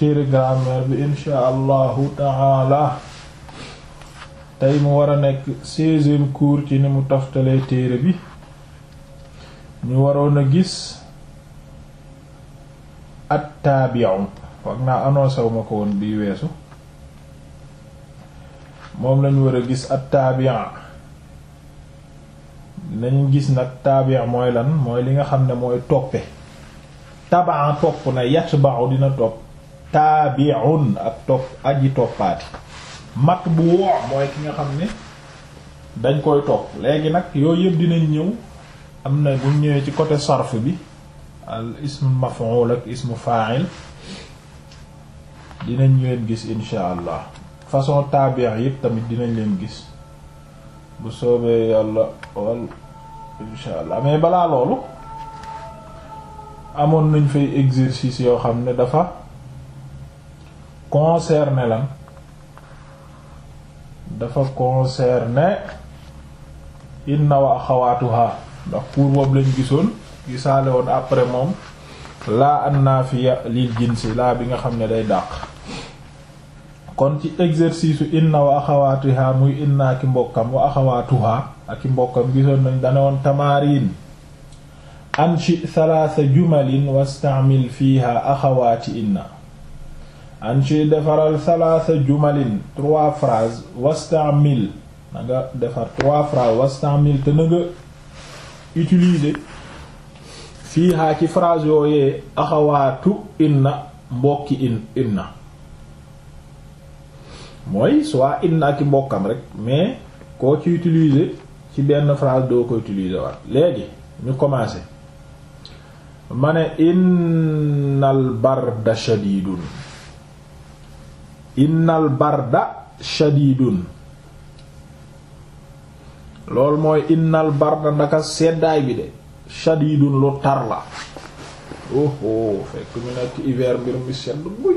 téere grammaire bi insha allahu taala tey mu war a nekk seizième cours ci ni mu taftalee téere bi ñu waroon a gis attaabiu wax naa annoncé wu ko woon bii weesu moom lañu war a gis attaabia nañ gis nag taabia mooy lan mooy li nga xam ne mooy toppe tabaa topp na yatba'u dina topp taabi'un ak topp aji toppaati matbu' mooy ki nga xam ne dañ koy topp léegi nag yooyu yëpp dinañ ñëw am na buñ ñëwee ci côté sarf bi al ism mafon ak ismu fa'il dinañ leen gis insha allah façon taabi' yëpp tamit dinañ leen gis bu soobee yàlla wal insha allah mais balaa loolu amoon nañ fay exercice yoo xam ne dafa concerné lan dafa concerné inna wa axawaatuha ndax pour boobu lañ gisoon gisaale woon après moom laa annaafiya lil jinsi laa bi nga xam ne day dàq kon ci exercice u inna wa axawaatuha muy inna ki mbokkam wa axawaatuha ak mbokkam gisoon nañ dane woon tamarin anshi thalatha jumalin wastaamil fiha axawaati inna anchi defaral salaasa jumalin trois phrases wastamil na nga defar trois phrases wastamil te na nga utiliser fiihaa ci phrase yooyee axawaatu inna mbokki inna mooy soit inna ak i mbokkam rek mais koo ci utiliser ci benn phrase doo ko utilise waat léegi ñu commencé ma ne innal barda shadidun innal barda shadidun loolu mooy innal barda ndaka seddaay bi de shadidun lu tar la oho fekk mu nekk hiver mbir mi sedd buy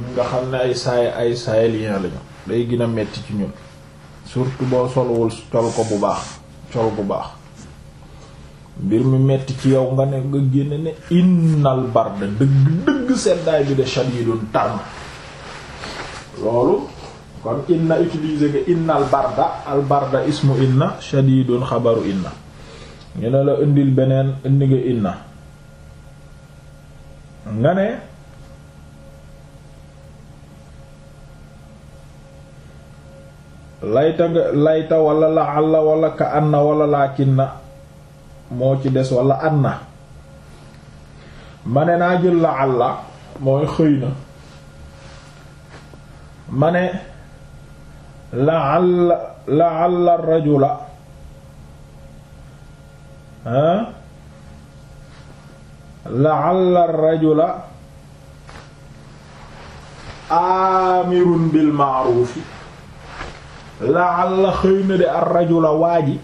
ñu nga xam ne ay saay ay sahéliens lañu day gën a metti ci ñun surtout boo solwul col ko bu baax col bu baax mbir mi metti ci yow nga ne nga génne ne innal barda dëgg dëgg seddaay bi de shadidun tar na loolu kon inna utiliser nga inna al barda al barda ismu inna shadidun xabaru inna ñu ne la indil beneen indi nga inna nga ne layta nga layta wala la àlla wala ka anna wala laakinna moo ci des wala anna ma ne naa jël la àlla mooy xëy na ma la laalla ah, laalla rajula la laalla rajula aamirun bil maaruufi laalla xëy na de ar rajula waa ji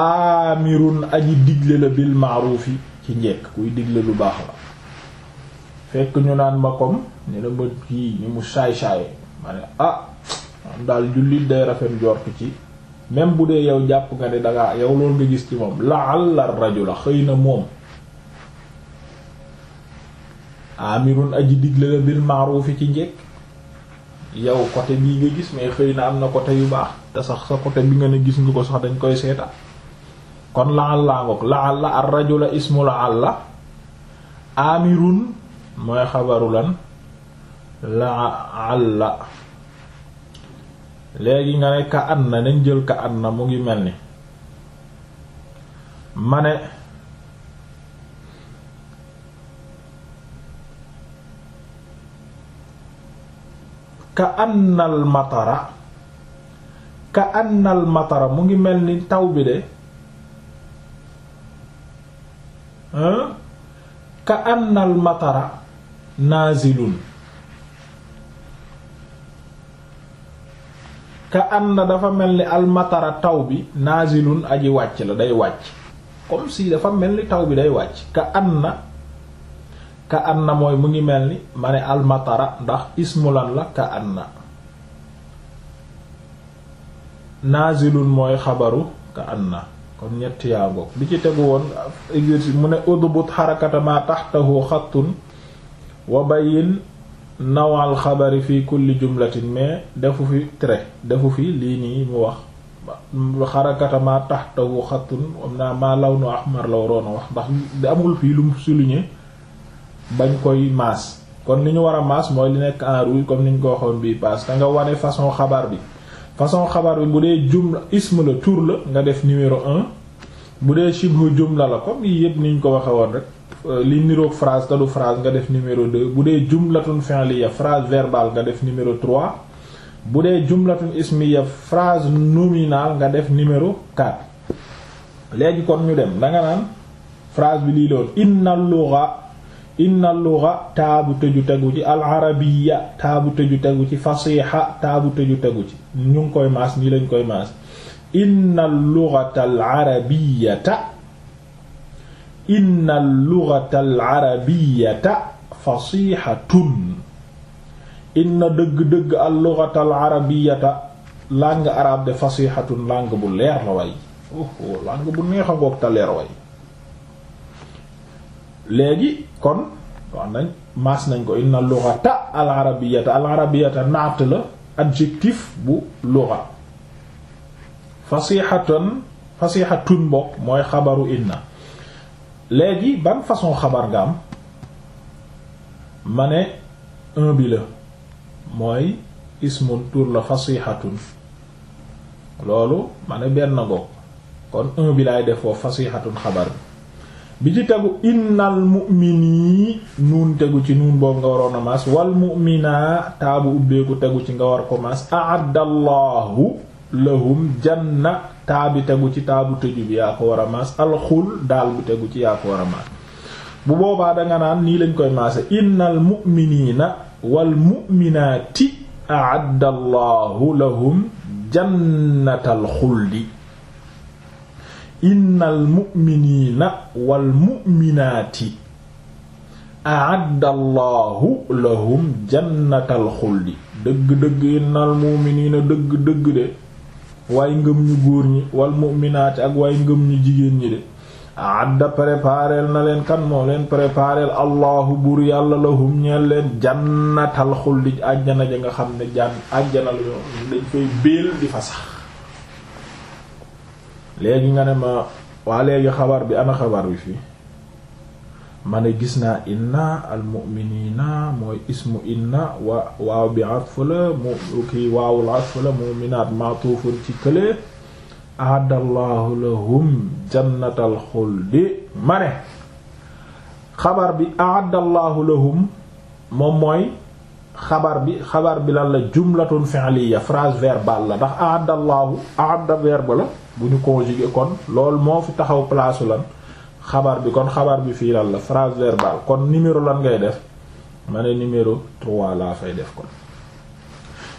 aamirun aji digle la bil maaruufi ci njekk kuy digle lu baax la fekk ñu naan ma comme ne la ma kii ñu mu saay-saay ma ne ah am daal jullit day rafet njort ci même bu dee yow jàpp nga ne dangaa yow loolu nga gis ci moom laalla la xëy na moom amirun aji digle la ci njekk yow côté bii gis mais xëy na am na côté yu baax te sax sa côté bi nga ko sax dañ koy seeta kon laalla ngoog laalla ar rajula amirun mooy xabaru la laalla léegi nga ne ka nañ jël ka an mu ngi mel ni ma ne ka matara ka annal matara mu ngi mel ni taw bi de ka annal matara naazilun ka anna dafa mel ni almatara taw bi naazilun aji wàcc la day wàcc comme si dafa mel ni taw bi day wàcc ka anna ka anna mooy mu ngi mel ni ma ne almatara ndax ismulan la ka anna mooy xabaru ka kon ñett yaa ngoog bi ci tegu woon exercice mu ne udbut xarakata ma taxtahu xattun wa bayyin nawal xabari fi kulli jumlatin mais defu fi trait defu fi lii nii mu wax xarakata ma taxtawu xattun am naa maa law nu ahmar la waroon a wax ndax amul fii lu mu bañ koy maas kon li ñu war a maas mooy lu nekk en rouge comme ni ñu ko waxoon bii paas da nga wane façon xabar bi façon xabar bi bu dee jumla ism la tur la nga def numéro un bu dee shibhu jumla la ko yii yëpp ni ñu ko waxe woon rek Euh, li niroog phrase te phrase nga def numéro 2 bu dee jumlatun fi'liya phrase verbale nga def numéro 3 bu dee jumlatun ismiya phrase nominale nga def numéro 4 léegi kon ñu dem danga naan phrase bi lii loon inna lugha inna lugha taabu tëju tegu ci al arabiyya taabu tëju tegu ci fasiha taabu tëju tegu ci ñu ngi koy maas nii lañ koy maas inna lughata al arabiyyata inna lugata al arabiyata fasihatun inna dëgg-dëgg al lugata arabiyata langue arabe de fasihatun langue bu leer la way oh bu neex a ngoog te way léegi kon wax nañ maas nañ ko inna lugata al arabiyata al arabiyata naat la adjectif bu lugha fasihatun fasihatun bokk mooy xabaru inna léegi ban façon xabar nga am ma ne un la mooy ismun tuur la fasihatun loolu ma ne benn goog kon un bi laay defoo foofu fasihatun xabar bi bi ci tegu innal mu'mini nuun tegu ci nuun boobu nga waroon a maas wal mu'mina taabu ubbeeku tegu ci nga war ko maas a'addallahu lahum janna taabi tegu ci taabu tëju bi yaa ko war a maas alxul daal bu tegu ci yaa ko war a maas bu boobaa danga naan nii lañ koy maase innal mu'miniina wal mu'minaati a'adda allahu lahum jannatal xuldi innal mu'miniina wal mu'minaati dëgg dëgg innal mu'miniina dëgg dëgg de way ngëm ñu góor ñi wal mu'minaati ak way ngëm ñu jigéen ñi de adda préparel na leen kan moo leen préparel allahu buur yàlla lahum ñeel leen jannatal xuldi àjjana ja nga xam ne jànn àjjana la yoon dañ fay béel di fa sax léegi nga ne ma waa léegi xabar bi ana xabar bi fii ma ne gis naa inna almu'minina mooy ismu inna wa waaw bi atf la mu kii waawul atf la mu'minaat ma'tuufun ci kële aadallahu lahum jannatal xuldi ma ne xabar bi aadallahu lahum moom mooy xabar bi xabar bi lan la jumlatun fi'liya phrase verbale la ndax aadallahu aada verbe la bu ñu conjugué kon loolu moo fi taxaw place lan xabar bi kon xabar bi fii lan la phrase verbale kon numéro lan ngay def ma ne numéro 3 laa fay def kon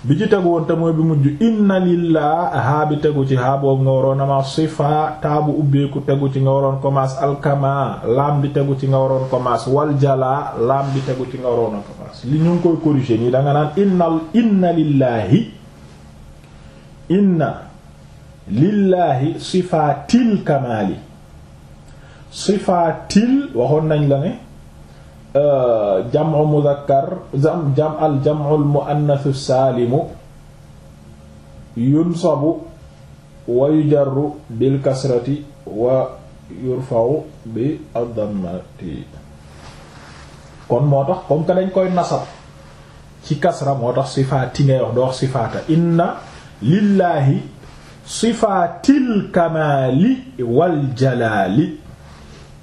bi ci tegu woon te mooy bi mujj inna lillah haa bi tegu ci haa boobu nga waroon ama sifa taabu ubbeeku tegu ci nga waroon commence alkama laam bi tegu ci nga waroon commence waljala laam bi tegu ci nga waroon a commence li ñu ngi koy corriger nii da naan inna lillaahi inna lillaahi sifatil kamaali sifaatil waxoon nañ la ne euh, jam'u muzakkar jam jam al jam'u al muannath saalimu yunsabu wa yujarru bil kasrati wa yurfa'u bi ad-dammati kon moo tax comme que dañ koy nasab ci kasra moo tax sifaati ngay wax doo wax sifaata inna lillahi sifaatil kamaali wal jalaali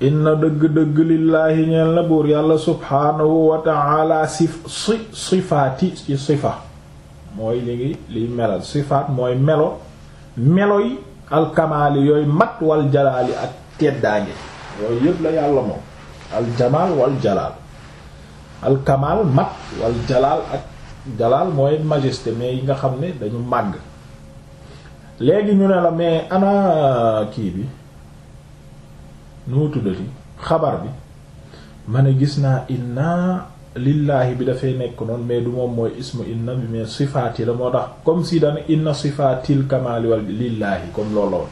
inna dëgg-dëgg lillaahi ñeel na buur yàlla subhaanahu wa ta'ala sif si sifaati ci mooy li ngi liy melal sifaat mooy melo melo yi alkamaali yooyu mat wal jalaali ak teddaange yooyu yëpp la yàlla moom aljamaal wal jalaal alkamaal mat wal jalaal ak jalaal mooy majesté mais yi nga xam ne dañu màgg léegi ñu ne la mais ana kii bi nu tuddati xabar bi ma gis naa inna lillaahi bi dafay nekk noonu mais du moom mooy ismu inna bi mais sifaati la moo tax comme si dana inna sifaatil kamaali wal lillaahi comme looloo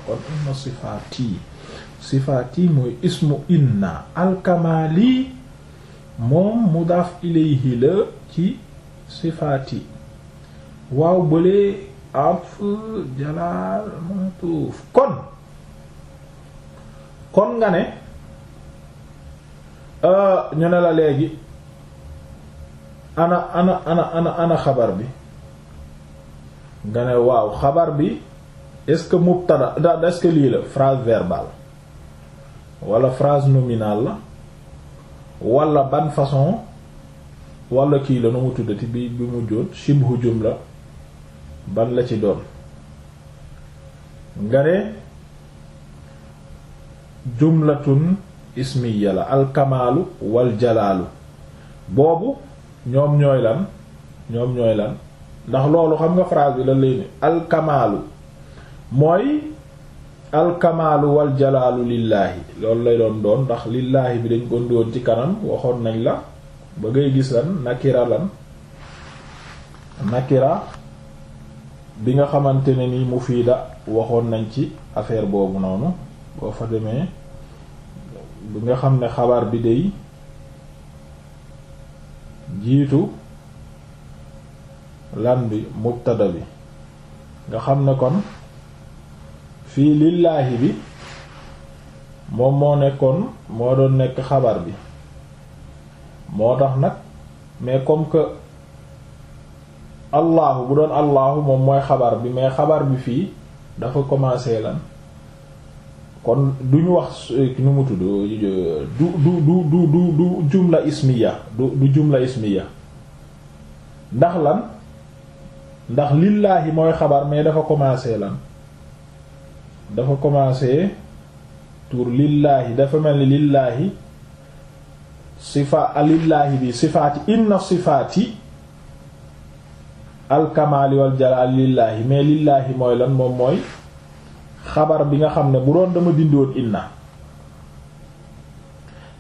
la waaw bële af jalaal matuuf kon kon nga ne euh, ñu ne la léegi ana ana ana ana ana xabar bi nga ne waaw xabar bi est-ce que mubtada da est-ce que lii la phrase verbale wala phrase nominale la wala ban façon wala kii la nu mu tuddati bi bi mu jóon shibhu la ban la ci doon nga ne jumlatun ismiya la alkamaalu wal jalaalu boobu ñoom ñooy lan ñoom ñooy lan ndax loolu xam nga phrase bi la lay ni alkamaalu mooy alkamaalu wal jalaalu lillaahi loolu lay doon doon ndax lillaahi bi dañ ko doon ci kanam waxoon nañ la ba ngay gis lan nakira lan nakira bi nga xamante ne ni mufiida waxoon nañ ci affaire boobu noonu boo fa demee bu nga xam ne xabaar bi day jiitu lan bi mubtada bi nga xam ne kon fii lillaahi bi moom moo nekkoon moo doon nekk xabar bi moo tax nag mais comme que allahu bu doon allahu moom mooy xabar bi mais xabar bi fii dafa commencé lan kon du ñu wax euh, nu mu tudd euh, du du du du du du jumla ismiya du du jumla ismiya ndax lan ndax lillaahi mooy xabar mais dafa commencé lan dafa commencé tur lillaahi dafa mel ni lillaahi sifa lillaahi bi sifaati inna sifaati alkamaali wal jalaal lillaahi mais lillaahi mooy lan moom mooy xabar bi nga xam ne bu doon dama dindoon inna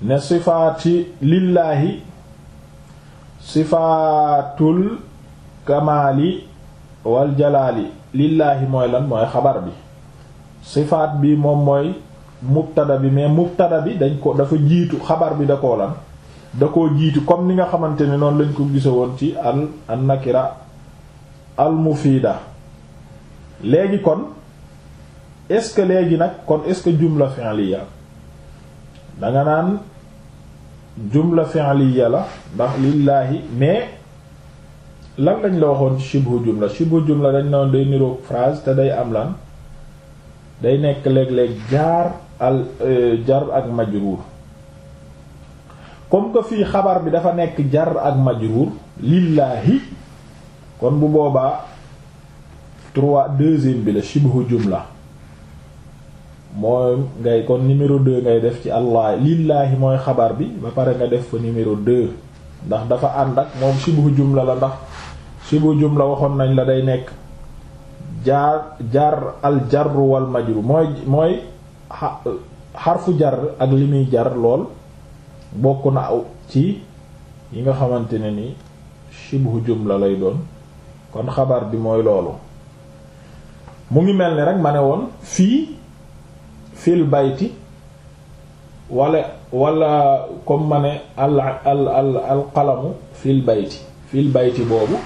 ne sifaati lillaahi sifaatul kamaali wal jalaali lillaahi mooy lan mooy xabar bi sifaat bi moom mooy mubtada bi mais mubtada bi dañ ko dafa jiitu xabar bi da koo lan da koo jiitu comme ni nga xamante ne noonu lañ ko gisa woon ci al an nakira al mufiida léegi kon est-ce que léegi nag kon est-ce que jumla fi'liya danga naan jumla fi'liya la ndax lillaahi mais lan lañ la waxoon ci shibhu jumla shibhu jumla dañ na day niroog phrase te day am lan day nekk léeg-léeg jaar al euh, jar ak majruur comme que fii xabar bi dafa nekk jar ak majruur lillaahi kon bu boobaa trois deuxième bi la shibhu jumla mooy ngay kon numéro de ngay def ci allah lillaahi mooy xabar bi ba pare nga def fa numéro de ndax dafa ànd ak moom sibu jumla la ndax jum la waxoon nañ la day nekk jaar jaar al jarru wal mooy mooy xarfu jar ak li muy jar lool bokk na aw ci yi nga xamante ne ni sibu jumla lay doon kon xabar bi mooy loolu mu ngi mel ni rek ma ne woon fii fil bayti walla wala comme ma ne al al al al fil bayti fil bayti boobu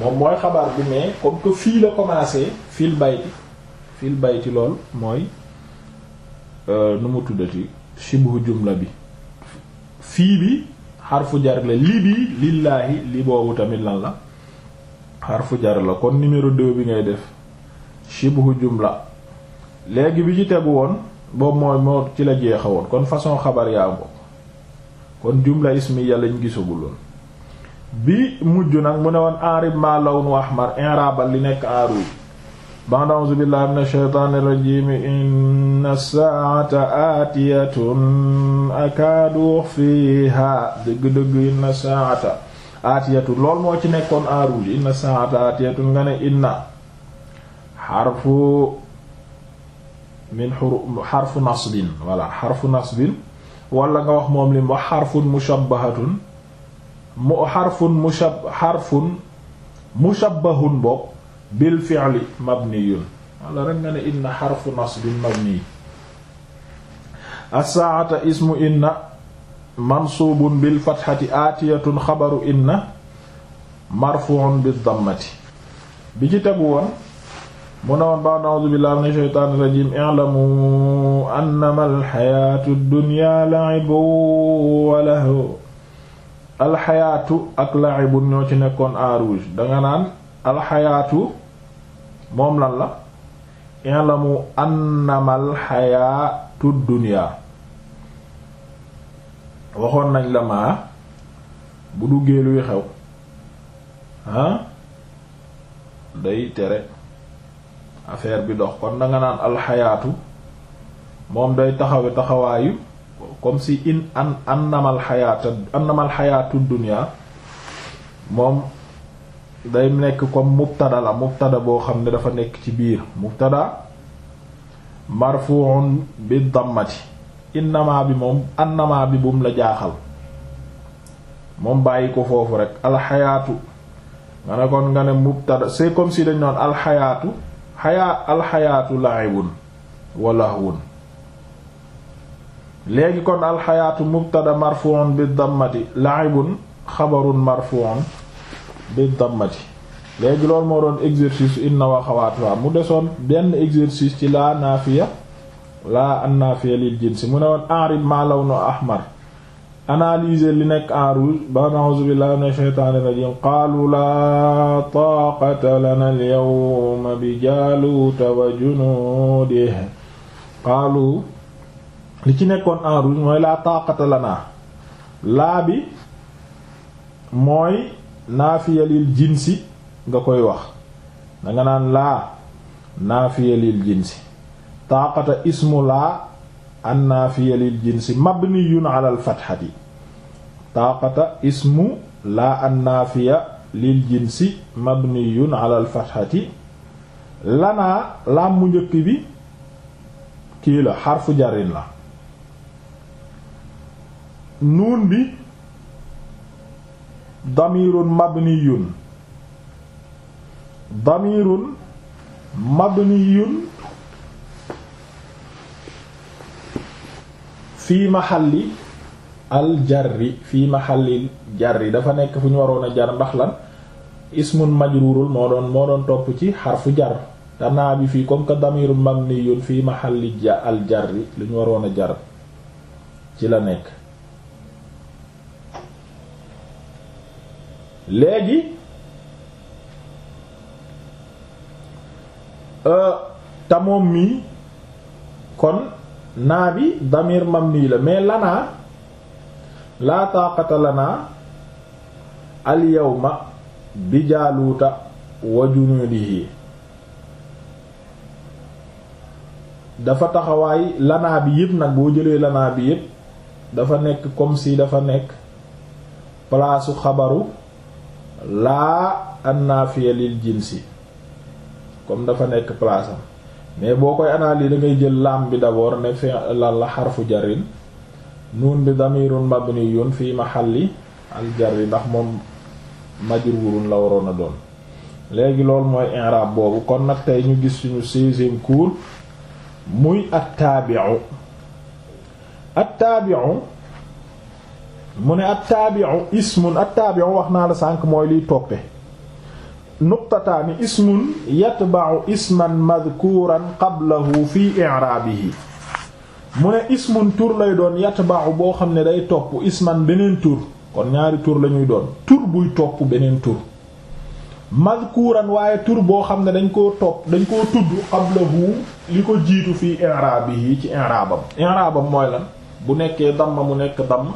moom mooy xabaar bi mais comme que fii la commencé fil bayti fil bayti lool mooy euh, nu mu tuddati shibhu jumla bi fii bi xarfu jar la li bi lillaahi li boobu tamit lan la xarfu jar la kon numéro 2 bi ngay def shibhu jumla léegi bi ci tegu woon boobu mooy moo ci la jeexa woon kon façon xabar yaa ngo kon jumla ismiya lañ gisaguloon bi mujj nag mu ne woon enrib ma lawn ahmar inraabal li nekk enruy ba'da a'uuzu billahi minash shaytaanir rajiim inna saa'ata aatiyatun akaadu fiihaa dëgg-dëgg inna saa'ata aatiyatun lool moo ci nekkoon enruy inna saa'ata aatiyatun nga ne inna xarfu min xarfu nasbin walla xarfu nasbin wala nga wax moom lim wax xarfun mushabbahatun mu xarfun mushab xarfun mushabbahun bil fi'li mabniyun wala rek nga ne inna xarfu nasbin mabni as-saa'ata ismu inna mansuubun bil fatxati aatiyatun xabaru inna marfuun bid dammati bi ci tegu woon mu ne woon baax na a'uuzu billaahi mina shaytaani rajiim i'lamu annama alxayaatu dunyaa la'ibun wa lahwun alxayaatu ak la'ibun ñoo ci nekkoon en danga naan alxayaatu moom lan la i'lamu annama alxayaatu dunyaa waxoon nañ la maa bu duggee luy xew ah day tere affaire bi dox kon danga naan alxayaatu moom day taxawe taxawaayu comme si in an annamal xayaatu dunya moom day nekk comme mubtada la mubtada boo xam ne dafa nekk ci biir mubtada marfu'un bi dammati innama bi moom annama bi bumu la jaaxal moom bàyyi ko foofu rek alxayaatu nga ne kon nga ne mubtada comme si dañ noon alxayaatu xayaa alxayaatu laibun wa lahwun léegi kon alxayaatu mubtada marfuun bi dammati laibun xabarun marfuun bi dammati léegi loolu moo doon exercice inna wa xawaatuha mu desoon benn exercice ci laa naafiya laa annaafiya lil jinsi mu ne woon arib maa law no ahmar analyser li nekk en rouge ba a'uuzu billahi mina shaytaani rajiim qaalu laa qaalu ci nekkoon en rouge mooy laa taaqata lanaa laa bi mooy naafiya jinsi nga koy wax danga naan laa naafiya jinsi taaqata ismu laa annaafiya lil jinsi mabniyun ala fatxati taaqata ismu la annaafiya lil jinsi mabniyun ala fatxati lanaa laam njëkk bi kii la xarfu jarin la nuun bi damirun mabniyun damirun mabniyun fii mahalli al jarri fii mahalli jarri dafa nekk fu ñu waroon a jar ndax lan ismun majrurul moo doon moo doon topp ci xarfu jar tanaa bi fii comme que damiru mabniyun fii mahalli ja al jarri lu ñu waroon a jar ci la nekk léegi euh, tamoom moom kon naa bi damir mamni la mais lanaa laa taaqata lanaa al yawma bi jaaluuta wa dafa taxawaay lanaa bi yëpp nag boo jëlee lanaa bi yëpp dafa nekk comme si dafa nekk palaasu xabaru laa annaafiya lil jinsi comme dafa nekk palaasam mais boo koy analyser da ngay jël laam bi d'abord ne fi lan la xarfu jarin nuun bi damirun ma fi mahalli al jarri ndax moom majrurun la waroon a doon léegi loolu mooy i'rab boobu kon nag tey ñu gis suñu seizième cours muy attaabi'u attaabi'u mu ne attaabi'u ismun attaabi'u wax naa la sànq mooy liy toppe nuqtataani ismun yatba'u isman madhkuran qablahu fi i'raabihi mu ne ismun tur lay doon yatba'u boo xam ne day topp isman beneen tur kon ñaari tur lañuy doon tur buy topp beneen tur madhkuran waaye tur boo xam ne dañ koo topp dañ koo tudd qablahu li ko jiitu fii i'raabihi ci i'raabam i'raabam mooy lan bu nekkee damma mu nekk damma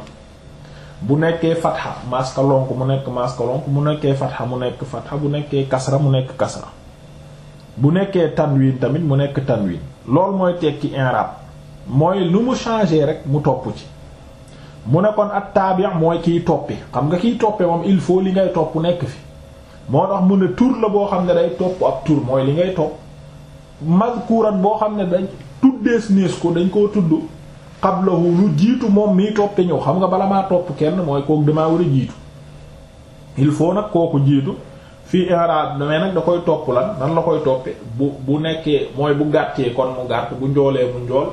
bu nekkee fatxa maska lonk mu nekk maska mu nekkee fatxa mu nekk fatxa bu nekkee kasra mu nekk kasra bu nekkee tanwin tamit mu nekk tanwin loolu mooy tekki i'rab mooy lu mu changé rek mu topp ci mu ne kon at taabi mooy kiy toppi xam nga kiy toppe moom il faut li ngay topp nekk fi moo tax mu ne tur la boo xam ne day topp ab tur mooy li ngay topp mazkuran boo xam ne dañ tuddees nees ko dañ koo tudd qablahu lu jiitu moom mii toppe ñëw xam nga bala maa topp kenn mooy kooku damaa war a jiitu il faut nag kooku jiitu fii i'rab mais nag da koy topp lan nan la koy toppe bu bu nekkee mooy bu gàttee kon mu gàtt bu njoolee mu njool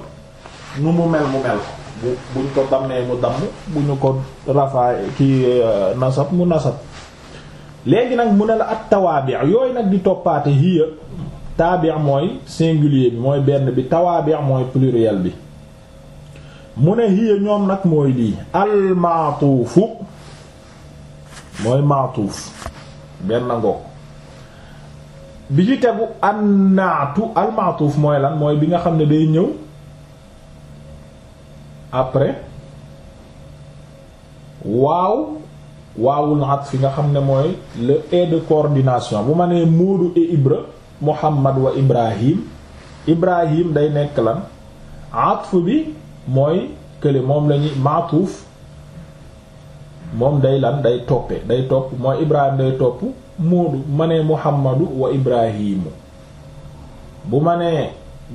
nu mu mel mu mel bu buñ ko dammee mu damm bu ñu ko rafaa ki euh, nasab mu nasab léegi nag mu ne la at tawaabi yooyu nag di toppaate hiya taabi mooy singulier bi mooy benn bi tawaabi mooy pluriel bi mu ne hiya ñoom nag mooy lii al maatuufu mooy maatuuf benn ngoog bi ci tegu annaatu al mooy lan mooy bi nga xam ne day ñëw après waaw waawul at fi nga xam ne mooy le et de coordination bu ma nee Moodu et Ibra Muhammad wa Ibrahim Ibrahim day nekk lan atf bi mooy kële moom lañuy maatuuf moom day lan day toppe day topp mooy ibrahim day topp moodu ma nee muhammadu wa ibrahimu bu ma nee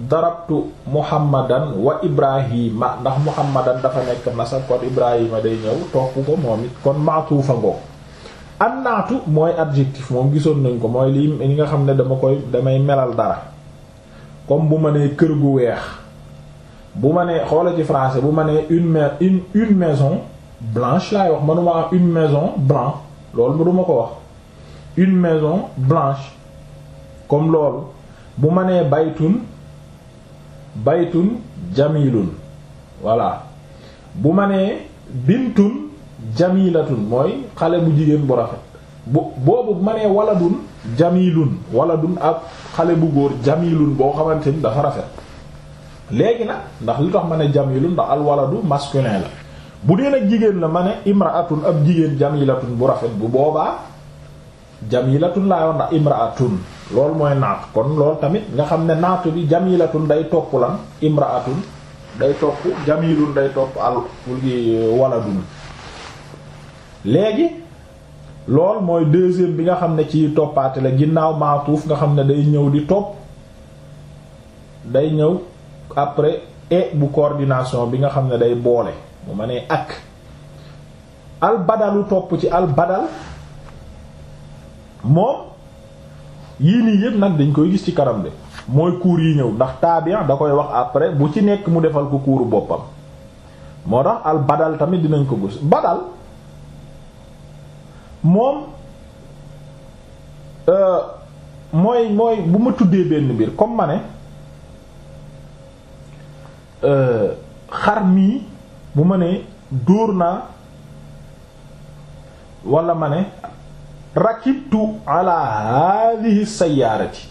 darabtu muhammadan wa ibrahima ndax muhammadan dafa nekk nasab kon ibrahima day ñëw topp ko moom it kon maatuufa ngoo annaatu mooy adjectif moom gisoon nañ ko mooy lii li nga xam ne dama koy damay melal dara comme bu ma nee kër gu weex bu ma nee xoola ci français bu ma nee une ma une une maison blanche laay wax manuma am une maison blanc loolu mu duma ko wax une maison blanche comme loolu bu ma nee baytun baytun jamilun voilà bu ma nee bintun jamilatun mooy xale bu jigéen bu rafet bu boobu bu ma nee waladun jamilun xale bu góor jamilun boo xamante ni dafa rafet léegi nag ndax li tax ma ne jamilun ndax alwaladu masculin la bu dee nag jigéen la ma ne imraatun ab jigéen jamilatun bu rafet bu boobaa jamilatun laa yoon ndax imraatun loolu mooy naat kon lool tamit nga xam ne naatu bi jamilatun day topp lan imra imraatun day topp jamilun day topp al euh, waladun léegi lool mooy deuxième bi nga xam ne ci toppaate la ginnaaw maatuuf nga xam ne day ñëw di topp day ñëw après et bu coordination bi nga xam ne day boole bu ma nee ak al badalu topp ci al badal moom yii nii yëpp nag dañ koy gis ci kanam de mooy cours yi ñëw ndax tabian da koy wax après bu ci nekk mu defal ko kuuru boppam moo tax al badal tamit dinañ ko gis badal moom euh, mooy mooy bu ma tuddee benn mbir comme ma ne xar mii bu ma ne dóor naa wala ma ne rakibtu ala hadhihi sayyarati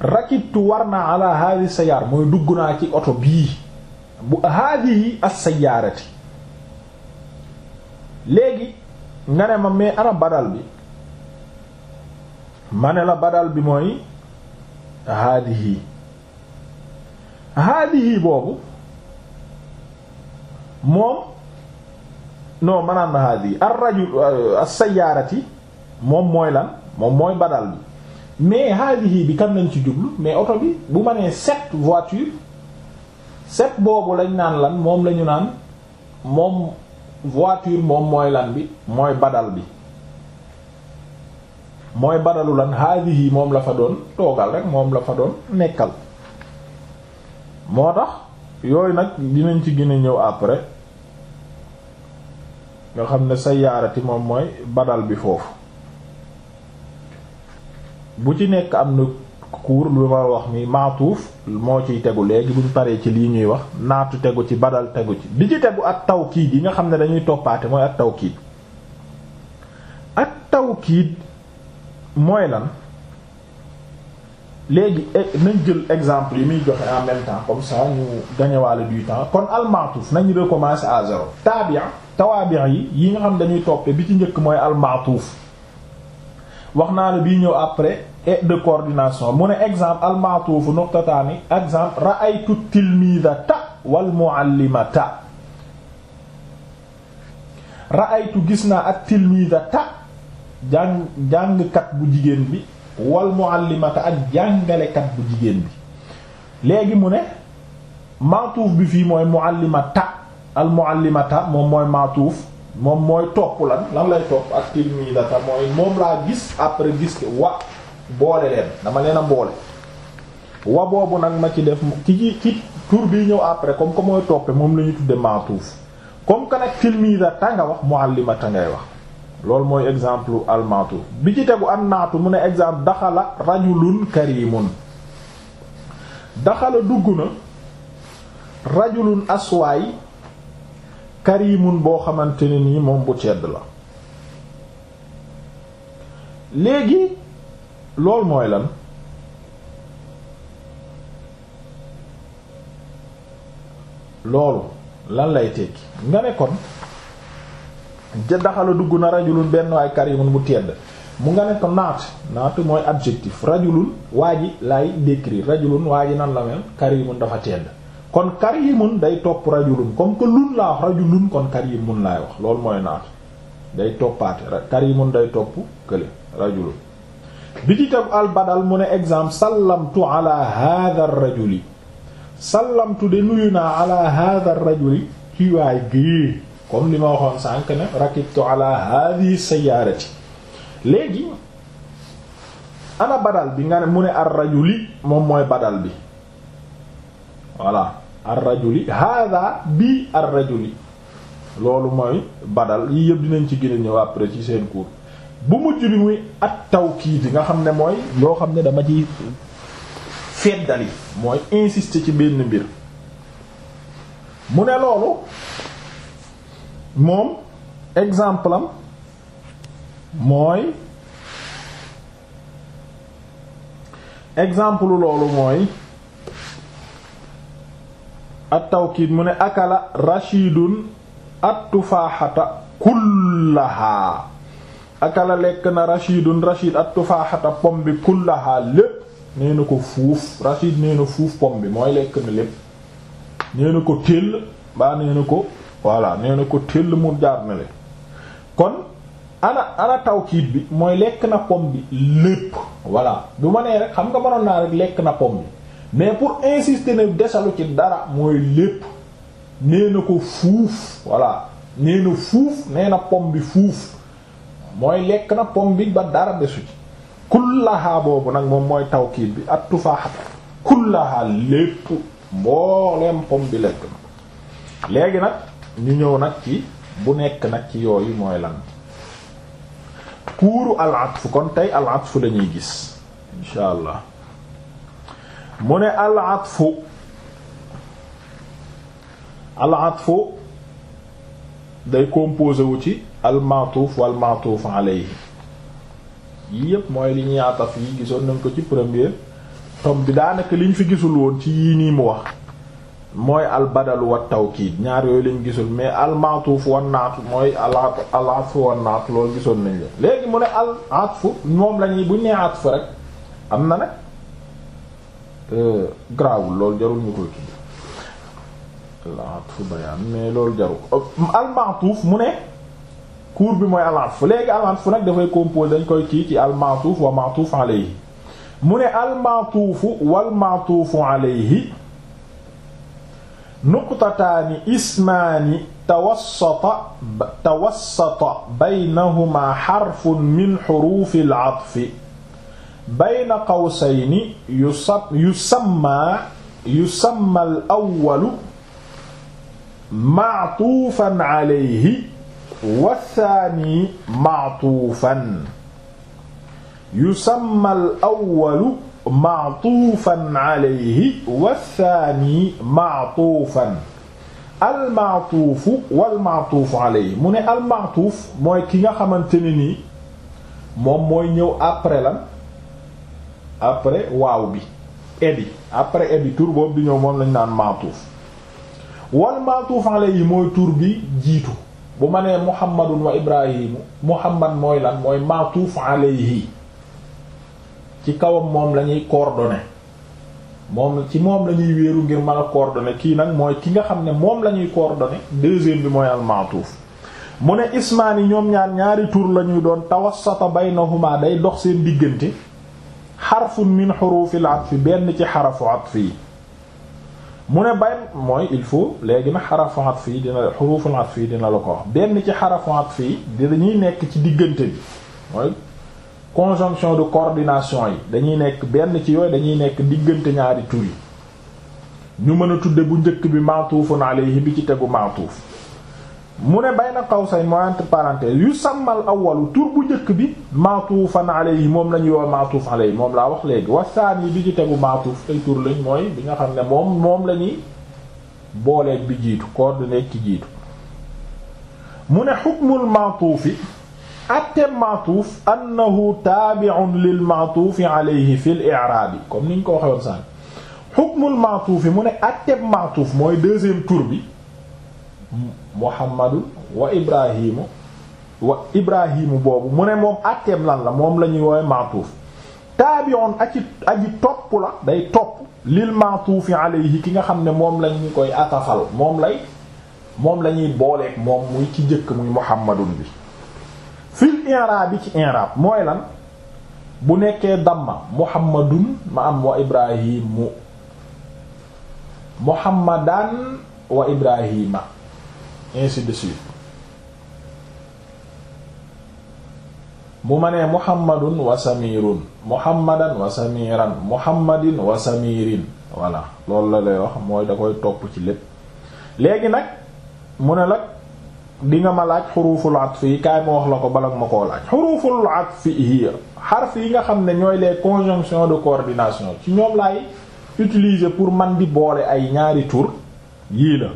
rakibtu war naa ala hadhihi sayyar mooy dugg naa ci oto bii bu hadhihi as-sayyarati léegi nga ne ma mais ana badal bi ma ne la badal bi mooy hadhihi haadihi boobu moom non manaan na haadihi ar rajul euh, as-sayyaarati moom mooy lan moom mooy badal bi mais haadihi bi kan lañ ci jublu mais oto bi bu ma nee sept voiture sept boobu lañ naan lan moom lañu naan moom voiture moom mooy lan bi mooy badal bi mooy badalu lan haadihi moom la fa doon toogal rek moom la fa doon nekkal moo tax yooyu nag dinañ ci gën a ñëw après nga xam ne sayaarati moom mooy badal bi foofu bu ci nekk am na kuur lu ma wax ni maatuuf moo ciy tegu léegi buñ paree ci lii ñuy wax naatu tegu ci badal tegu ci bi ci tegu ak tawkiid yi nga xam ne dañuy toppaate mooy ak tawkiid ak kiit mooy lan léegi eh, nañ jël exemple yi muy joxe en même temps comme ça ñu gañewaale du temps kon almatuf nañ recommencer à zéro taabia tawaabia yi yi nga xam dañuy toppe bi ci njëkk mooy almatuf wax naa la bii ñëw après et de coordination mu ne exemple almatuufu nuqtataani exemple ra'aytu tilmidata wal muallimata ra'aytu gis naa ak tilmidata jàng jàngkat bu jigéen bi wal muallimata ak jàngalekat bu jigéen bi léegi mu ne maatuuf bi fii mooy muallimata al muallimata moom mooy maatuuf moom mooy topp lan lan lay topp ak tilmidata mooy moom laa gis après gis ke wa boole leen dama leen a mboole wa boobu nag ma ci def ci ci tur bii ñëw après comme que mooy toppe moom la ñu tudde maatuuf comme que nag tilmidata nga wax muallimata ngay wax loolu mooy exemple almaatu bi ci tegu an naatu mu ne exemple daxala rajulun karimun daxala dugg na rajulun aswaay karimun boo xamante ne nii moom bu tedd la léegi loolu mooy lan loolu lan lay tekki nga ne kon ja daxala dugg na rajulun benn waay karimun bu tedd mu nga ne ko naat naat mooy adjectif rajulun waa ji lay décrire rajulun waa ji nan la mel karimun dafa tedd kon karimun day topp rajulun comme que lun laa wax rajulun kon karimun laay wax loolu mooy naat day toppaate karimun day topp kële rajulun bi ci tegu al badal mu ne exemple sallamtu ala hadha rajuli sallamtu de nuyu naa ala hadha rajuli ci waay comme li ma waxoon sànq ne rakibtu ala hadihi sayyarati léegi ana badal bi nga ne mu ne ar rajuli moom mooy badal bi voilà ar rajuli hada bi ar rajuli loolu mooy badal yi yëpp dinañ ci gën a ñëw ci seen cours bu mujj bi muy at tawkiid nga xam ne mooy loo xam ne dama ci feddali mooy insister ci benn mbir mu ne loolu moom exemple am mooy exemple loolu mooy at tawkiid mu ne akala rashidun at tufaaxata kullahaa akala lekk na rashidun rashid at tufaaxata pom bi kullahaa lépp nee na ko fuuf rashid nee na fuuf pom bi mooy lekk na lépp nee na ko téll baa nee na ko voilà nee na ko tell mu jaar na le kon ana ana tawkiit bi mooy lekk na pom bi lépp voilà du ma nee rek xam nga mënoon naa rek lekk na pomme bi mais pour insister ne desalu ci dara mooy lépp nee na ko fuuf voilà nee na fuuf nee na pom bi fuuf mooy lekk na pomme bi ba dara desu ci kullahaa boobu nag moom mooy taw kiit bi at tufaax kullahaa lépp mbooleem pomme bi lekk na léegi nag ñu ñëw nag ci bu nekk nag ci yooyu mooy lan kuuru al atf kon tey al atf lañuy gis insha allah mu ne al atf al atf day composé wu ci al ma'tuf wal yi alayhi yii yépp mooy li ñuy ataf yi gisoon nañ ko ci premier tome bi daanaka liñ fi gisul woon ci yii nii mu wax mooy albadalu wa taw tawkiid ñaar yooyu lañ gisul mais almatuf wan naatu mooy alatfu wan naatu loolu gisoon léegi mu ne al atfu moom lañuy buñ nee atf rek am na nag euh, grawul loolu jarul al atfu mais loolu jarul euh, mu ne cours bi mooy alatfu léegi alatfu nag dafay composé dañ koy kii ci almatuf wa matuf alayhi mu ne almatuufu wal matuufu alayhi nuqtataani ismaani tawassata tawassata baynahuma xarfun min xuruufi al-atfi bayna qawsayni yusamma yusamma al-awwalu ma'tuufan alayhi wath-thaani ma'tuufan yusamma al-awwalu ma'tuufan alayhi wa thaani ma'tuufan al ma'tuufu wal ma'tuufu alayhi mu ne al ma'tuuf mooy ki nga xamante ne nii moom mooy ñëw après lan après waaw bi ebi après ebi tur bi ñëw moom lañ naan ma'tuuf wal ma'tuuf alayhi mooy tur bi jiitu bu ma nee muhammadun wa ibrahimu muhammad mooy lan mooy ma'tuuf alayhi ci kawam moom la ñuy coordonner moom ci moom lañuy wéeru ngir mën a coordonner kii nag mooy ki nga xam ne moom la ñuy coordonner deuxième bi mooy almaatuuf mu ne ismaani ñoom ñaar ñaari tur lañuy ñuy doon tawassata baynahuma day dox seen diggante xarfun min xurufil atfi benn ci xarafu atfi yi mu ne bay mooy il faut léegi nag xarafu atfi yi dina dina la ko wax benn ci xarafu atfi yi ñuy nekk ci diggante bi conjonction de coordination yi dañuy nekk benn ci yooyu dañuy nekk diggante ñaari tur ñu mën a tudde bu njëkk bi ma'tufun alayhi bi ci tegu ma'tuf mu ne bayna qawsayn mooy entre parenthèse yu sàmmal awwalu tur bu njëkk bi ma'tufan alayhi moom la ñuy woo ma'tuf alayhi moom laa wax léegi wa saani bi ci tegu ma'tuf ay tur lañ mooy bi nga xam ne moom moom la ñuy bi jiitu coordonné ci jiitu mu ne hukmul ma'tufi atteem ma'tuuf annahu taabi'un lil ma'tuufi alayhi fil i'raabi comme ni ñu ko waxee woon sànq xukmul ma'tuuf yi mu ne atteem ma'tuuf mooy deuxième tour bi Muhammadu wa Ibrahimu wa Ibrahimu boobu mu ne moom atteem lan la moom la ñuy woowee ma'tuuf taabi'un aci aji topp la day topp lil ma'tuufi alayhi ki nga xam ne moom lañu koy atafal moom lay moom la ñuy booleeg moom muy ci njëkk muy Muhammadun bi. fil i'rab bi ci i'rab mooy lan bu nekkee damma muhammadun ma am wa ibrahimu muhammadan wa ibrahima ainsi de suite bu ma nee muhammadun wa samirun muhammadan wa samiran muhammadin wa samirin voilà loolu la lay wax mooy da koy topp ci lépp léegi nag mu ne la di nga ma laaj xuruful atf yi kaay ma wax la ko balak ma koo laaj xuruful atf yi xarf yi nga xam ne ñooy les conjonctions de coordination ci ñoom laay utiliser pour man bi boole ay ñaari tur yii la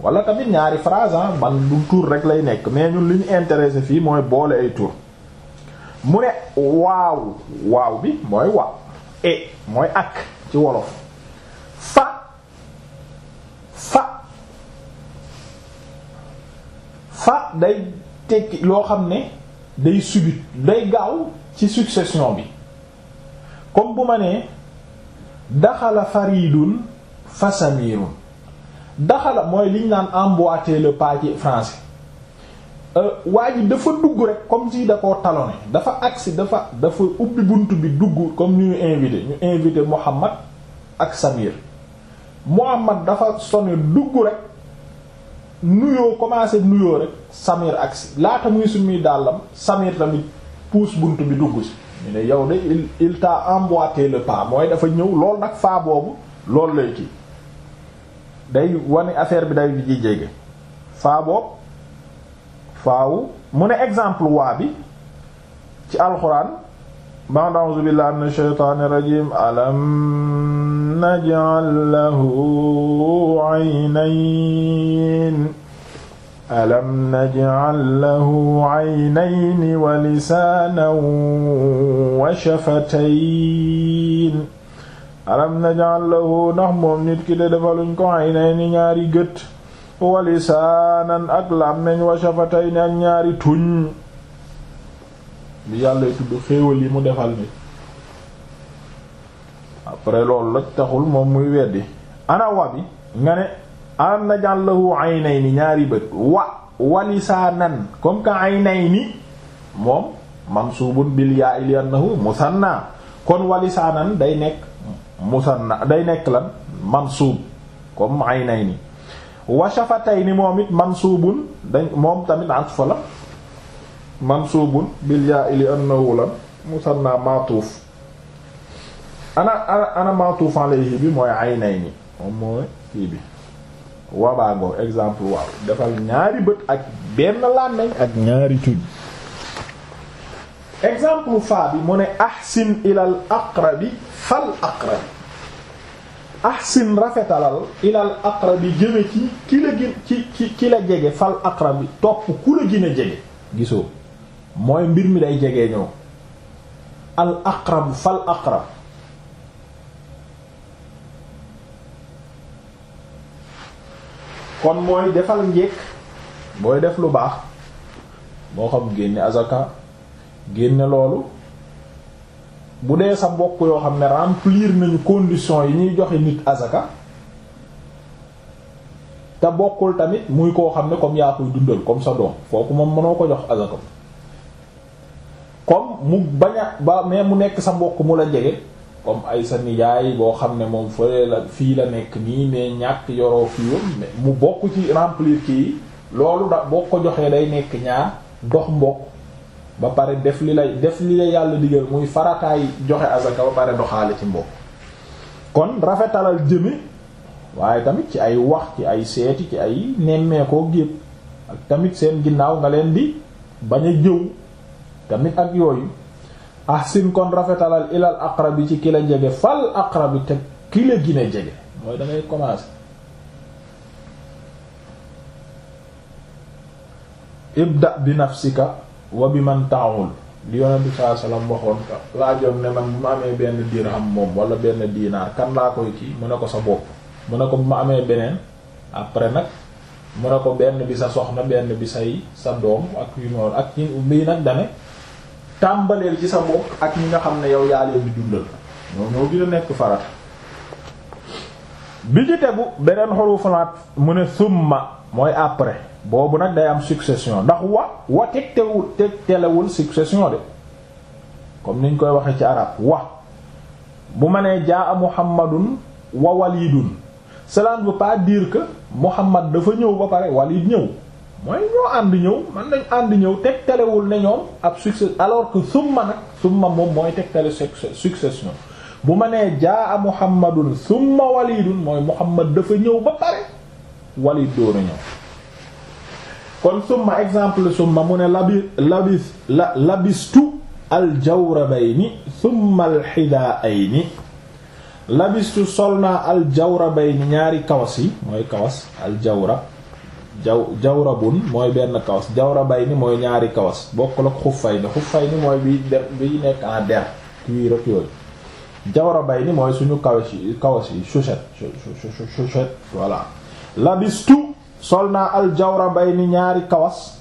wala tamit ñaari phrase ah, man bu tur rek lay nekk mais ñun li ñu intéressé fii mooy boole ay tur mu ne waaw waaw bi mooy waaw e mooy ak ci wolof fa day tekki loo xam ne day subit day gaaw ci succession bi comme bu ma nee daxala faridun fa samirun daxala mooy liñ naan emboîter le pas ci français euh, waa ji dafa dugg rek comme si da koo talonné dafa agsi dafa dafa ubbi bunt bi dugg comme ni ñu invité ñu invité Muhammad ak Samir Muhammad dafa sonné dugg rek nuyoo commencé nuyoo rek Samir ak si laata muy summi dàllam Samir tamit puus bunt bi dugg si ñu ne yow de il il t'a emboîté le pas mooy dafa ñëw lool nag faa boobu loolu lay kii day wane affaire bi day ji jege faa boobu faawu mu ne exemple waa bi ci alxuraan ba'da a'uuzu billaahi mina shaytaani rajiim alam naj'al lahu 'aynayn alam naj'al lahu 'aynayni wa lisaanan wa shafatayn alam naj'al lahu ndax moom nit ki de defaluñ ko 'aynayni ñaari gët wa lisaanan ak làmmiñ wa shafatayni ak ñaari tuñ bi yàlla tudd xéewal yi mu defal nit après loolu loj taxul moom muy weddi ana wa bi nga ne an najal lahu aynayni ñaari bët wa walisaanan comme que aynayni moom mansuubun bil yaa'i li annahu musanna kon walisaanan day nekk musanna day nekk lan mansuub comme aynayni wa shafatayni moom it mansuubun dañ moom tamit atfa la mansuubun bil yaa ili annahu lan musanna maatuuf ana ana ana maatuuf alayhi bi mooy moom mooy kii bi wabaango exemple waaw defal ñaari bët ak benn làmmeñ ak ñaari tuñ exemple fa bi mu ne ahsin ilal aqrabi fal aqrabi ahsin rafetalal ilal aqrabi jëme ci ki la gën ci ki la jege fal aqrabi topp ku la gën jege gisoo mooy mbir mi day jegee ñoo al aqrab fal aqrab kon mooy defal njekk booy def lu baax moo xam génne azaka génne loolu bu dee sa bokk yoo xam ne remplir nañu condition yi ñuy joxe nit azaka te bokkul tamit muy koo xam ne comme yaa koy dundal comme sa doom kooku moom mënoo ko jox azaka comme mu bañ a ba mais mu nekk sa mbokk mu la jege comme ay sa nijaay boo xam ne moom fële la fii la nekk nii mais ñàkk yoroo fii mu bokk ci remplir kii loolu da boo ko joxee day nekk ñaar dox mbokk ba pare def li lay def li lay yàlla digal muy farataay joxe azaka ba pare doxaale ci mbokk kon rafetalal jëme waaye tamit ci ay wax ci ay seeti ci ay nemmeekoo gépp ak tamit seen ginnaaw nga leen di bañ a jëw tamit ak yooyu ahsin kon rafetalal ilal aqrabi ci ki la jege fal aqrabi te ki la gine jege mooy dangay ngay commencer ibda bi nafsika wa bi man ta'ul li yonent bi saa salaam waxoon ka laajoon ne man bu ma amee benn dirham moom wala benn diinaar kan laa koy kii mu ne ko sa bopp mu ne ko bu ma amee beneen après nag mu ne ko benn bi sa soxna benn bi say sa doom ak yu noonu ak bii nag dane tàmbaleel ci sa bopp ak ñi nga xam ne yow yaa leen di dundal ñoo ñoo gën a nekk farata bi ci tegu beneen xuruful at mu ne summa mooy après boobu nag day am succession ndax wa wa tegtewul tegtelewul succession de comme niñ koy waxee ci arab wa bu ma nee jaa a muhammadun wa walidun cela ne veut pas dire que muhammad dafa ñëw ba pare walid ñëw mooy ñoo ànd ñëw man nañ ànd ñëw tegtalewul ne ñoom ab succès alors que summa nag summa moom mooy tegtale succession bu ma nee jaa a muhammadun summa walidun mooy muhammad dafa ñëw ba pare walid doona ñëw kon summa exemple summa mu ne labi labis la labistu aljawrabayni summa alxidaayni labistu sol naa aljawrabayni ñaari kawas yi mooy kawas aljawra jaw jawrabun mooy benn kawas jawrabay ni mooy ñaari kawas bokk bokkul ak xuffay ni xuffay ni mooy biy der biy nekk en der cuir ak yooyu jawrabay ni mooy suñu kawas yi kawas yi chaussette chaussette voilà labistu sol naa al jawrabay ni ñaari kawas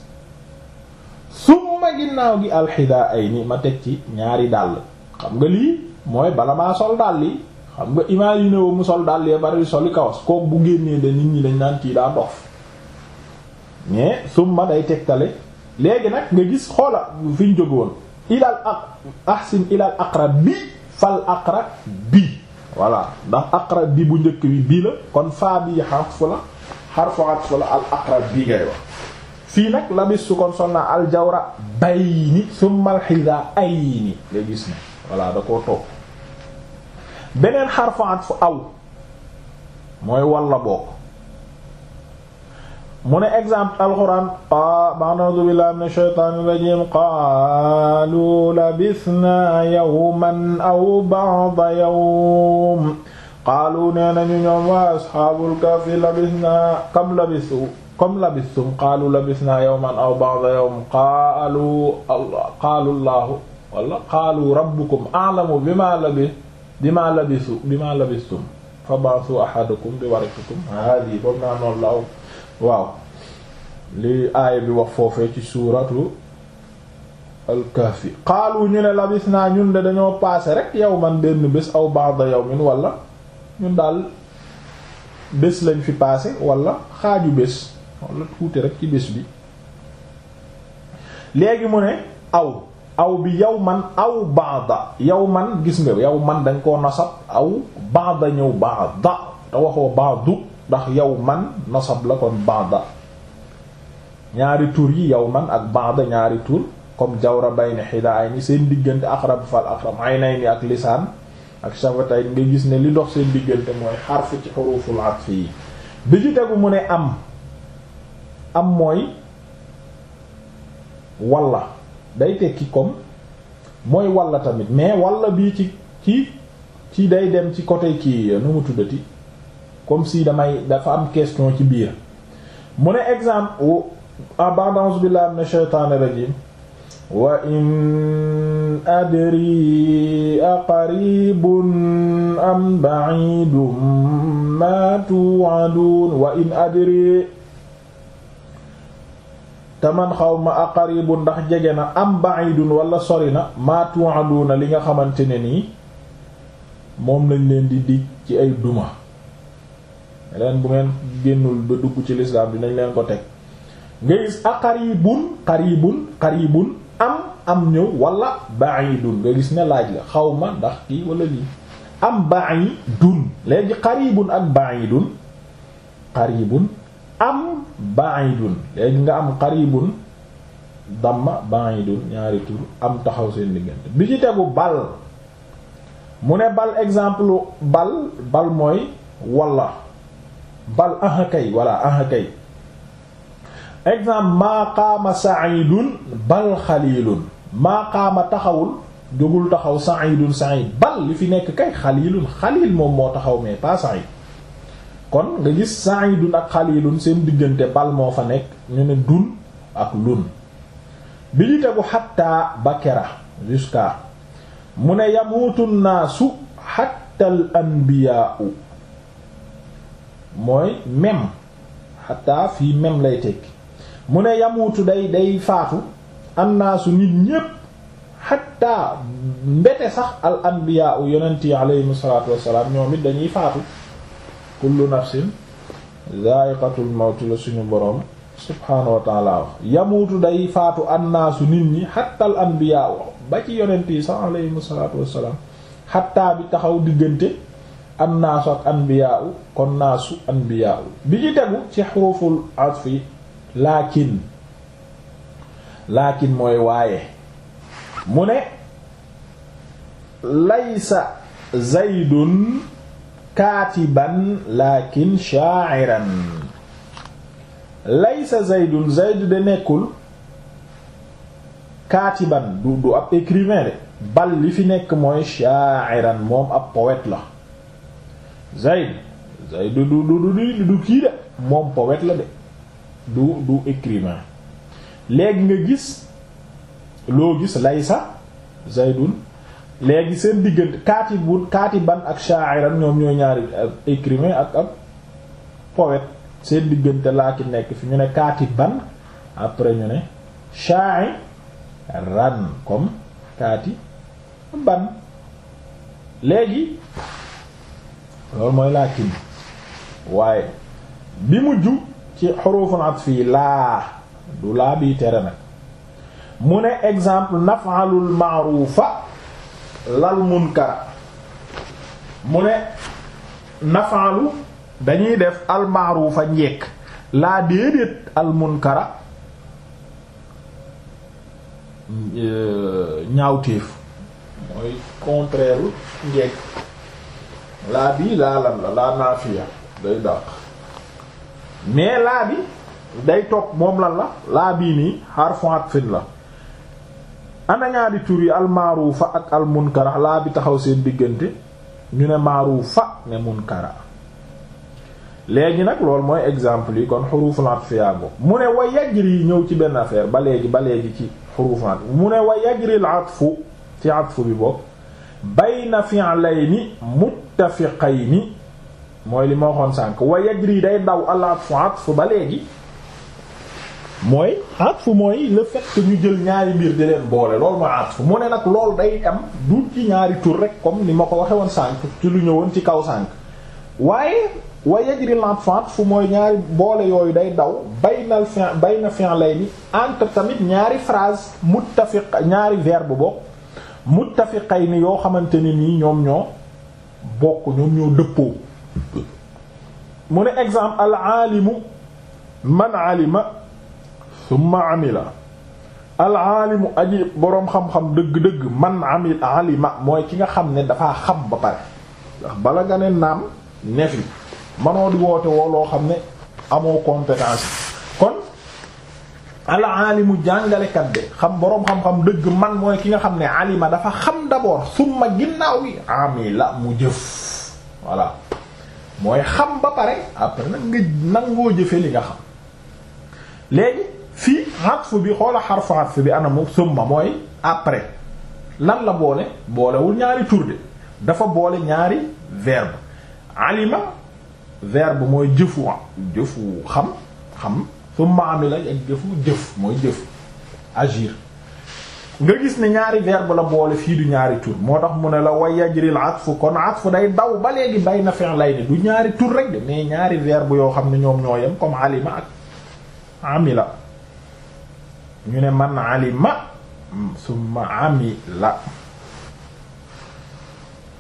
summa ginnaaw gi alxidaa ay ni ma teg ci ñaari dàll xam nga lii mooy bala maa sol dàll yi xam nga imagine wu mu sol dàll yi bari soli kawas kook bu génnee da nit ñi lañ naan kii daa dof mais summa day tegtale léegi nag nga gis xoola fi ñu jóg woon ilal ak ahsin ilal aqrab bi fal aqrab bi voilà ndax aqrab bi bu njëkk bi bii la kon faa bi xarfu la xarfu xarfu la al aqrab bi ngay wax fii nag labis su kon sonna al jawra bayni summa al ayni nga gis na voilà da koo toog beneen xarfu xarfu aw mooy walla bokk mu ne exemple alxuraan qaa ah, ba'du billahi min ash-shaytaani rajim qaalu labisnaa yawman aw ba'da yawm qaalu nee nañu ñoom waa asxaabul kahfi labisnaa kam labisu comme labistum qaalu labisnaa yawman aw ba'da yawm qaalu qaalu llaahu wala qaalu rabbukum a'lamu bimaa labi bimaa labisu bimaa labistum fa ba'su ahadakum bi warqikum haadihi waaw li aaya bi wax foofee ci suuratu alkahfi xaalu ñu ne labis naa ñun de dañoo paase rek yow man benn bés aw ba'da yawmin wala ñun daal bés lañ fi paase walla xaaju bés wala tuuti rek ci bés bi léegi mu ne aw aw bi yow man aw ba'da yow man gis nga yow man dañ koo nasab aw ba'da ñëw ba'da te waxoo ba'du ndax yow man nasab la kon ba'da ñaari tur yi yow man ak baada ñaari tur comme jawra bayni xida ay ni seen diggante aqrab fal aqrab ay nay ni ak lisaan ak shafatay nga gis ne li dox seen diggante mooy xarf ci xuruful atf fii bi ci tegu mu ne am am mooy walla day tekki comme mooy walla tamit mais walla bii ci ci ci day dem ci côté kii nu mu tuddati comme si damay dafa am question ci biir mu ne exemple abad ah, a'uzu billahi minash shaytaanir rajiim wa in adri aqaribun am ba'idun ma tu'adun wa in adri te man xaw ma aqaribun ndax jege na am ba'idun wala sori na ma na li nga xamante ne nii moom lañ leen di dig ci ay duma leen bu ngeen génnul ba dugg ci lislaam dinañ leen ko teg nga gis ak qaribun qaribun qaribun am am ñëw wala ba'idun nga gis ne laaj la xaw ma ndax kii wala lii am ba'idun léegi qaribun ak ba'idun qaribun am ba'idun léegi nga am qaribun damma ba'idun ñaari tur am taxaw seen diggante bi ci tegu bal mu ne bal exemple bal bal mooy wala bal aha kay walla aha exemple maa qaama bal xalilun maa taxawul jógul taxaw sa'idun sa'id bal li fi nekk kay xalilun xalil moom moo taxaw mais pas sa'id kon nga gis sa'idun ak xalilun seen diggante bal moo fa nekk ñu ne dun ak lun bi li tegu xatta bakera jusqu'à mu ne yamuutu naasu xatta mooy même xataa fii même lay tekki mu ne yamuutu day day faatu annaasu nit ñépp xataa mbete sax al anbiya u yonent yi aleyhim salatu wasalaam ñoom it dañuy faatu kullu nafsin zaaiqatul mawti la suñu boroom subhaanahu wa taala yamuutu day faatu annaasu nit ñi xatta al anbiya ba ci yonent yi sax aleyhim salatu wasalaam xataa bi taxaw diggante an naasu ak anbiyaawu kon naasu anbiyaawu bi ci tegu ci xuruful atfi laakin laakin mooy waaye mu ne laysa zaydun kaatiban laakin sha'iran laysa zaydun zayd de nekkul kaatiban du du ab écrivain de bal li fi nekk mooy sha'iran moom ab poète la Zayd Zayd du du du du kii de moom poète la de du du écrivain léegi nga gis loo gis laysa Zaydun léegi seen diggante kaati ban ak sha'iran ñoom ñooy ñaari euh, écrivain ak ak poète seen diggante laa ci nekk fi ñu ne kaati ban après ñu ne sha'iran comme kaatiban léegi loolu mooy laakin waaye bi mujj ci xurufun atfi laa du laa bi tere nag mu ne exemple naf'alul ma'rufa lal munkara mu ne naf'alu dañuy def al ma'rufa njekk laa déedéet al munkara euh, ñaawteef mooy contraire njekk laa bii laa lan la laa naafiya day dàq mais laa bi day topp moom lan la laa bii nii harfun atfin la ana ñaari tur yi almaaruufa ak almunkara laa bi taxaw seen diggante ñu ne maaruufa ne munkara léegi nag loolu mooy exemple yi kon xuruful atfiya go mu ne wa yajri yi ñëw ci benn affaire ba léegi ba léegi ci xuruful atf mu ne wa yajri al atfu ci atfu bi bopp bayna fi'layni muttafiqayni mooy li ma waxoon xoon sànk wa yi day daw alaat fu atfu ba léegi mooy atfu mooy le fait que ñu jël ñaari mbir di leen boole loolu mooy atfu mu ne nag loolu day am du ci ñaari tur rek comme ni ma ko waxe woon sànk ci lu ñëwoon ci kaw sànk waaye wa yajri laat fu atfu mooy ñaari boole yooyu day daw baynal fin bayna fi'layni entre tamit ñaari phrase muttafiq ñaari verbe bokk muttafiqayni yoo xamante ne nii ñoom ñoo bokk ñoom ñoo dëppoo mu ne exemple al aalimu man alima summa amila al aalimu aji boroom xam-xam dëgg-dëgg man ami alima mooy ki nga xam ne dafa xam ba pare ndax bala nga ne naam nefi manoo di woote woo loo xam ne amoo compétence alaalimu jàngalekat bi xam boroom xam-xam dëgg man mooy ki nga xam ne alima dafa xam d'abord summa ginnaaw bi amila mu jëf voilà mooy xam ba pare après nag nga nangoo jëfe li nga xam léegi fii atf bi xoola xarfu atf bi anamu summa mooy après lan la boole boolewul ñaari tur dafa boole ñaari verbe alima verbe mooy jëfu jëfu xam xam summa amila ak jëfu jëf mooy jëf agir nga gis ne ñaari verbe la boole fii du ñaari tur moo tax mu ne la way yajril atfu kon atfu day daw ba léegi bay na fin lay ni du ñaari tur rek de mais ñaari verbe yoo xam ne ñoom ñoo yem comme alima ak amila ñu ne man alima summa amila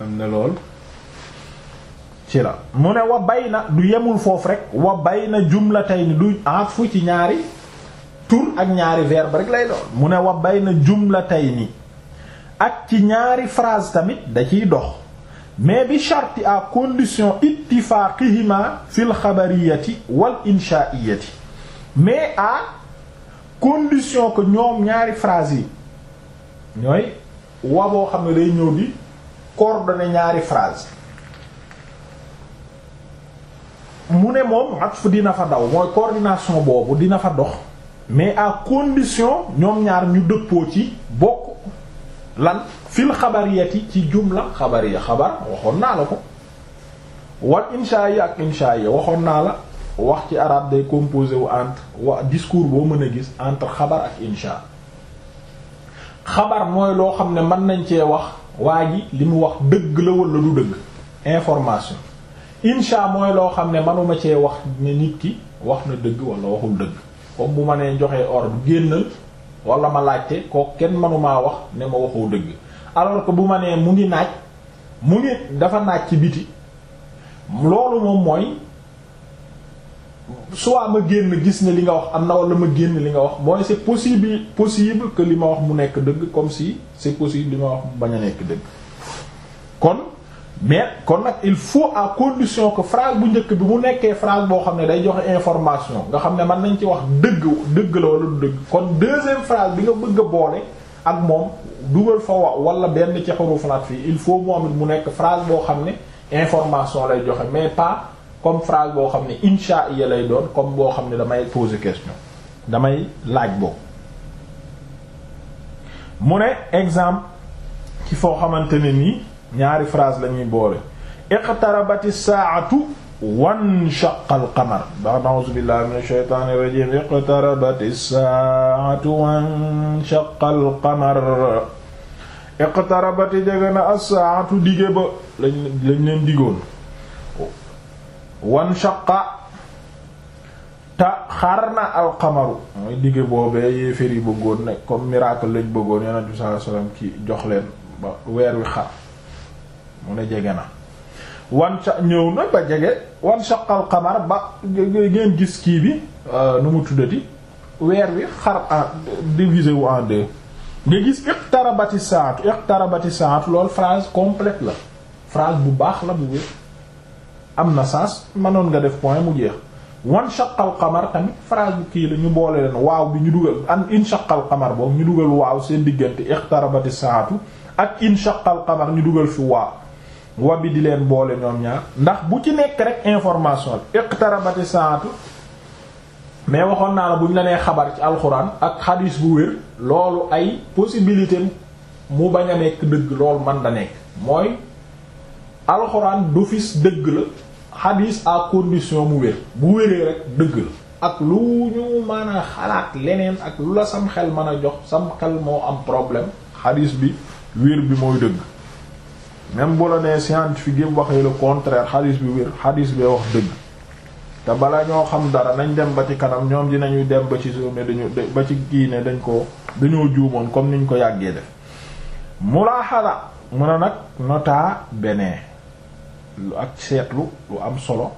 am na lool ci la mu ne wa bay na du yemul foofu rek wa bay na jumlatayni du atfu ci ñaari tur ak ñaari verbe rek lay doon mu ne wa bay na jumlatayni ak ci ñaari frase tamit da ciy dox mais bi charte à condition ittifaqihima fil xabariyati wal insha'iyati mais à condition ko ñoom ñaari phrase yi ñooy wa boo xam ne day ñëw di coordonner ñaari phrase mu ne moom fu dina fa daw mooy coordination boobu dina fa dox mais à condition ñoom ñaar ñu dëppoo ci bokk lan fil xabariyati ci jumla yi xabar waxoon naa la ko wal insha yi ak insha yi waxoon naa la wax ci arabe day composé wu entre wa discours boo mën a gis entre xabar ak insha xabar mooy loo xam ne mën nañ cee wax waa ji li mu wax dëgg la wala du dëgg information insha mooy loo xam ne manuma cee wax ne nit ki wax na dëgg wala waxul dëgg comme bu ma nee joxee ordre génnal wala ma laajte ko kenn manumaa wax ne ma waxoo dëgg alors que bu ma nee mu ngi naaj mu ngi dafa naaj ci biti loolu moom mooy soit ma génn gis ne li nga wax am na wala ma génn li nga wax mooy c'est possible possible que li ma wax mu nekk dëgg comme si c'est possible li ma wax mu bañ a nekk dëgg kon mais kon nag il faut à condition ko phrase bu njëkk bi mu nekkee phrase boo xam ne day joxe information nga xam ne mën nañ ci wax dëgg dëgg la wala du dëgg kon deuxième phrase bi nga bëgg a boole ak moom dugal fa wa wala benn ci xuruf nat fii il faut moom it mu nekk phrase boo xam ne information lay joxe mais pas comme phrase boo xam ne insha ya lay doon comme boo xam ne damay poser question damay laaj boobu mu ne exemple ci foo xamante ne nii ñaari phrase la ñuy boole iqtarabati saatu wanshaqa alqamar da na'uzu billahi minash shaytaanir rajiim iqtarabati saatu wanshaqa alqamar iqtarabati jege na as-saatu dige ba lañ leen digoon wanshaqa ta xar na alxamaru mooy dige boobee yéeféer yi bëggoon ne comme miracle lañ bëggoon yonent bi sallallahu alayhi ki jox leen ba weer wi xar mu ne jege na wan ca ñëw na ba jege wan saqal xamar ba ngeen gis kii bi euh, nu mu tuddati weer wi xar en euh, divisé wu en deux nga gis iqtarabati saatu iqtarabati saatu loolu phrase complète la phrase bu baax la bu wér am na sens mënoon nga def point mu jeex wan shaqal qamar tamit phrase bu kii la ñu boole leen waaw bi ñu dugal an in shaqal qamar boobu ñu dugal waaw seen diggante iqtarabati saatu ak in shaqal qamar ñu dugal fi waaw bi di leen boole ñoom ñaar ndax bu ci nekk rek information la iqtarabati saatu mais waxoon naa la bu ñu la nee xabar ci alxuraan ak xadiis bu wér loolu ay possibilité mu bañ a nekk dëgg loolu man da nekk mooy alxuraan fis dëgg la xadiis à condition mu wér bu wéree rek dëgg la ak lu ñu mën xalaat leneen ak lu la sam xel mën a jox sam xel moo am problème xadiis bi wér bi mooy dëgg même bu la nee scientifique yëpp waxee le contraire xadis bi wér xadis bee wax dëgg te bala ñoo xam dara nañ dem ba ci kanam ñoom dinañu dem ba ci suuf dañu ba ci kii dañ ko dañoo juumoon comme niñ ko yàggee def mulaaxala mun a nag nota bene lu ak seetlu lu am solo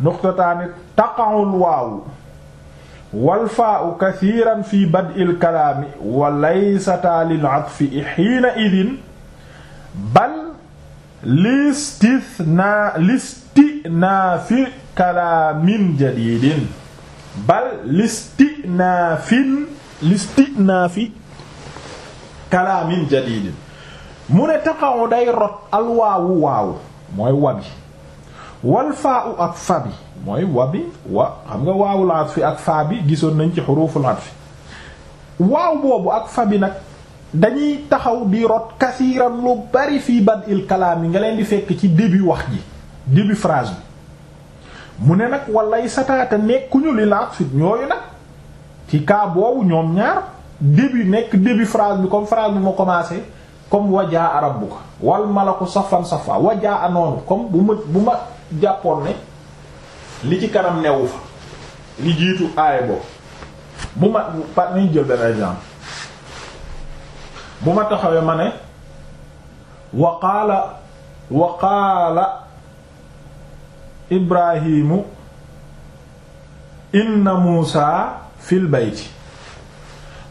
nuqtataani taqa'ul waawu wal faa'u kathiran fi bad'il kalaami wa laysataa lil 'atfi hiina idin bal listina listinaafi kalaamin jadiidin bal listinaafin listinaafi kalaamin jadiidin mu ne taxaw day rot alwaawu waawu mooy wabi wal faa u ak fa mooy wabi wa xam nga waawul atfi ak faa bi gisoon nañ ci xuruuful atfi waaw boobu ak fabi nag dañuy taxaw di rot kasiiran lu bari fii bad'il kalaam yi nga leen di fekk ci début wax ji début phrase bi mu ne nag walay sataata nekkuñu li laat fit ñooyu nag ci cas boobu ñoom ñaar début nekk début phrase bi comme phrase bi ma commencé comme wajaa a rabbuka wal safan safa wajaa a noonu comme bu ma bu ma jàppoon ne li ci kanam newu fa li jiitu aay boobu bu ma par nañ jël benn exemple bu ma taxawee ma ne wa qaala wa qaala ibrahimu inna muusa fil bayti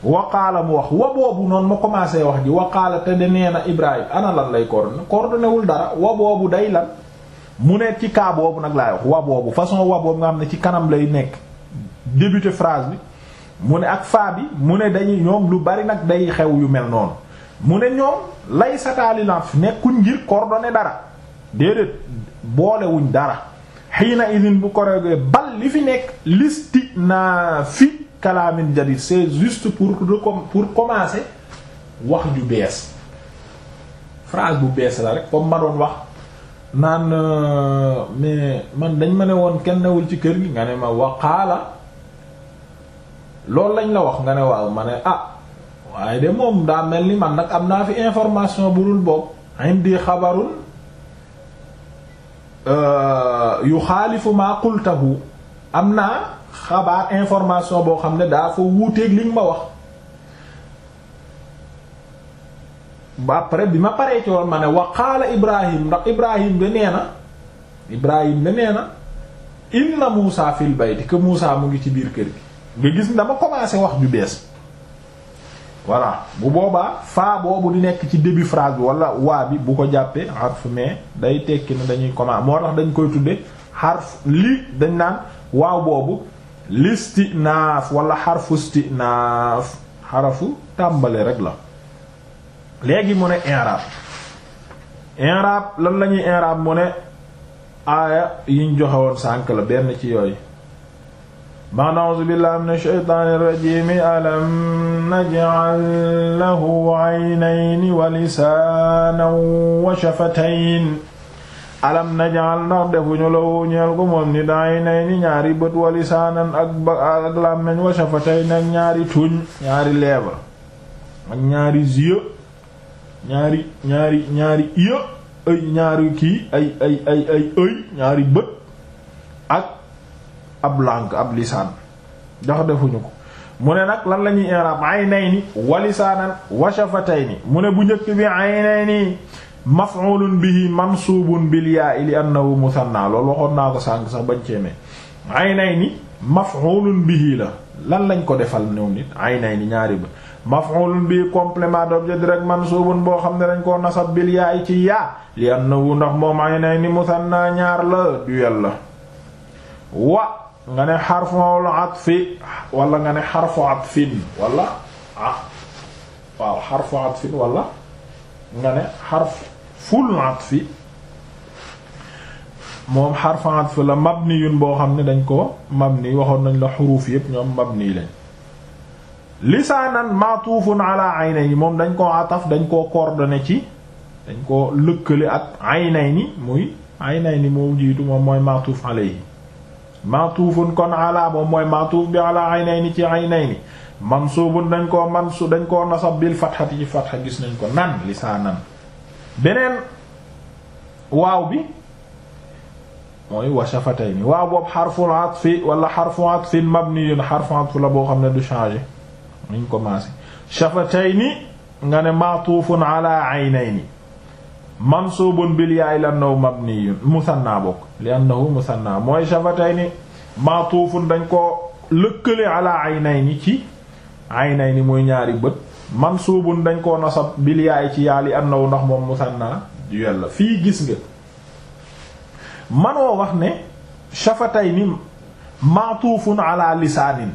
wa qaala mu wax wa boobu noonu ma commencé wax ji wa te de nee na ibrahim ana lan lay coordonné coordonné dara wa boobu day lan mu ne ci kaa nag laay wax wa boobu façon wa boobu nga xam ne ci kanam lay nekk débuté phrase bi mu ne ak faa bi mu ne dañuy ñoom lu bari nag day xew yu mel noonu mu ne ñoom lay sataali laf nekkuñ ngir coordonner dara déedéet boolewuñ dara xiina idin bu korogee bal li fi nekk listi na fi kalaamin jadid c'est juste pour pour commencer wax ju bees phrase bu bees la rek comme ma doon wax naan euh, mais man dañ ma ne woon kenn newul ci kër gi nga ne ma waqaala loolu lañ la wax nga ne waaw ma ne ah waaye de moom daa mel ni man nag am naa fi information bu dul boobu indi xabarun euh, yu xaalifu maa qultahu am naa xabaar information boo xam ne daa fa wuuteeg li ma wax ba après bi ma paree ci woon ma ne wa qaala ibrahim ndax ibrahim da nee na ibrahim Muusa fil bayti que Muusa mu ngi ci biir kër gi nga gis dama commencé wax ju bees voilà bu boobaa faa boobu di nekk ci début phrase bi wala waa bi bu ko jàppee harf mais day tekki ne dañuy commencé moo tax dañ koy tudde harf li dañ naan waaw boobu listinaaf wala harfu stinaaf xarafu tàmbale rek la léegi mu ne i'rab i'rab lan lañuy ñuy i'rab mu ne aaya yiñ joxe woon sànk la benn ci yooyu ba'd a'uuzu billaahi mina shaytaani rajiim alam naj'al lahu 'aynayni wa lisaanan wa shafatayn alam naj'al ndax defuñu lahu ñeel ko moom ni aynayni ñaari bët wa lisaanan ak ba ak wa shafatayn ñaari tuñ ñaari lèvre ak ñaari yeux ñaari ñaari ñaari yeux ay ñaari kii ay ay ay ay ay ñaari bët ak ab langue ab lisaan jox defuñu ko mu ne nag lan la ñuy i'rab aynayni wa lisaanan wa shafatayni mu ne bu njëkk bi aynayni maf'ulun bihi mansuubun bil yaa'i li annahu muthanna loolu waxoon naa ko sànq sax bañ cee ne aynayni maf'ulun bihi la lan lañ ko defal ñëw nit aynayni ñaari ba maf'ulun bihi complément d'objet direct mansuubun boo xam ne dañ koo nasab bil yaa'i ci yaa li wu ndax moom aynayni muthanna ñaar la duyal la wa nga ne xarful atfi wala nga ne xarfu atfin wala ah waaw xarfu atfin wala nga ne xarful atfi moom xarfu atf la mabniyun boo xam ne dañ ko mabni waxoon nañ la xuruuf yépp ñoom mabni lañ lisaanan ma'tufun ala aynayni moom dañ koo ataf dañ koo kordone ci dañ koo lëkkale ak aynayni muy aynayni moo jiitu moom mooy ma'tuf yi ma'tufun kon ala moom mooy ma'tuf bi ala aynayni ci aynayni mansuubun dañ koo mansu dañ koo nasab bil fatxati ci fatxa gis nañ ko nan lisaanan beneen waaw bi mooy washafatayni waaw boobu xarful atfi wala xarfu atfin mabniyun xarfu atf la boo xam ne du changé nuñ commencé shafatayni nga ne ma'tufun ala aynayni mansuubun bil yaay li annahu mabniyun musanna bokk li annahu musanna mooy shafatayni ma'tuufun dañ koo lëkkale ala aynayni ci ni muy ñaari bët mansuubun dañ ko nasab bil ci yaa li annahu ndax moom musanna duel la fii gis nga manoo wax ne shafatayni ma'tuufun ala lisaanin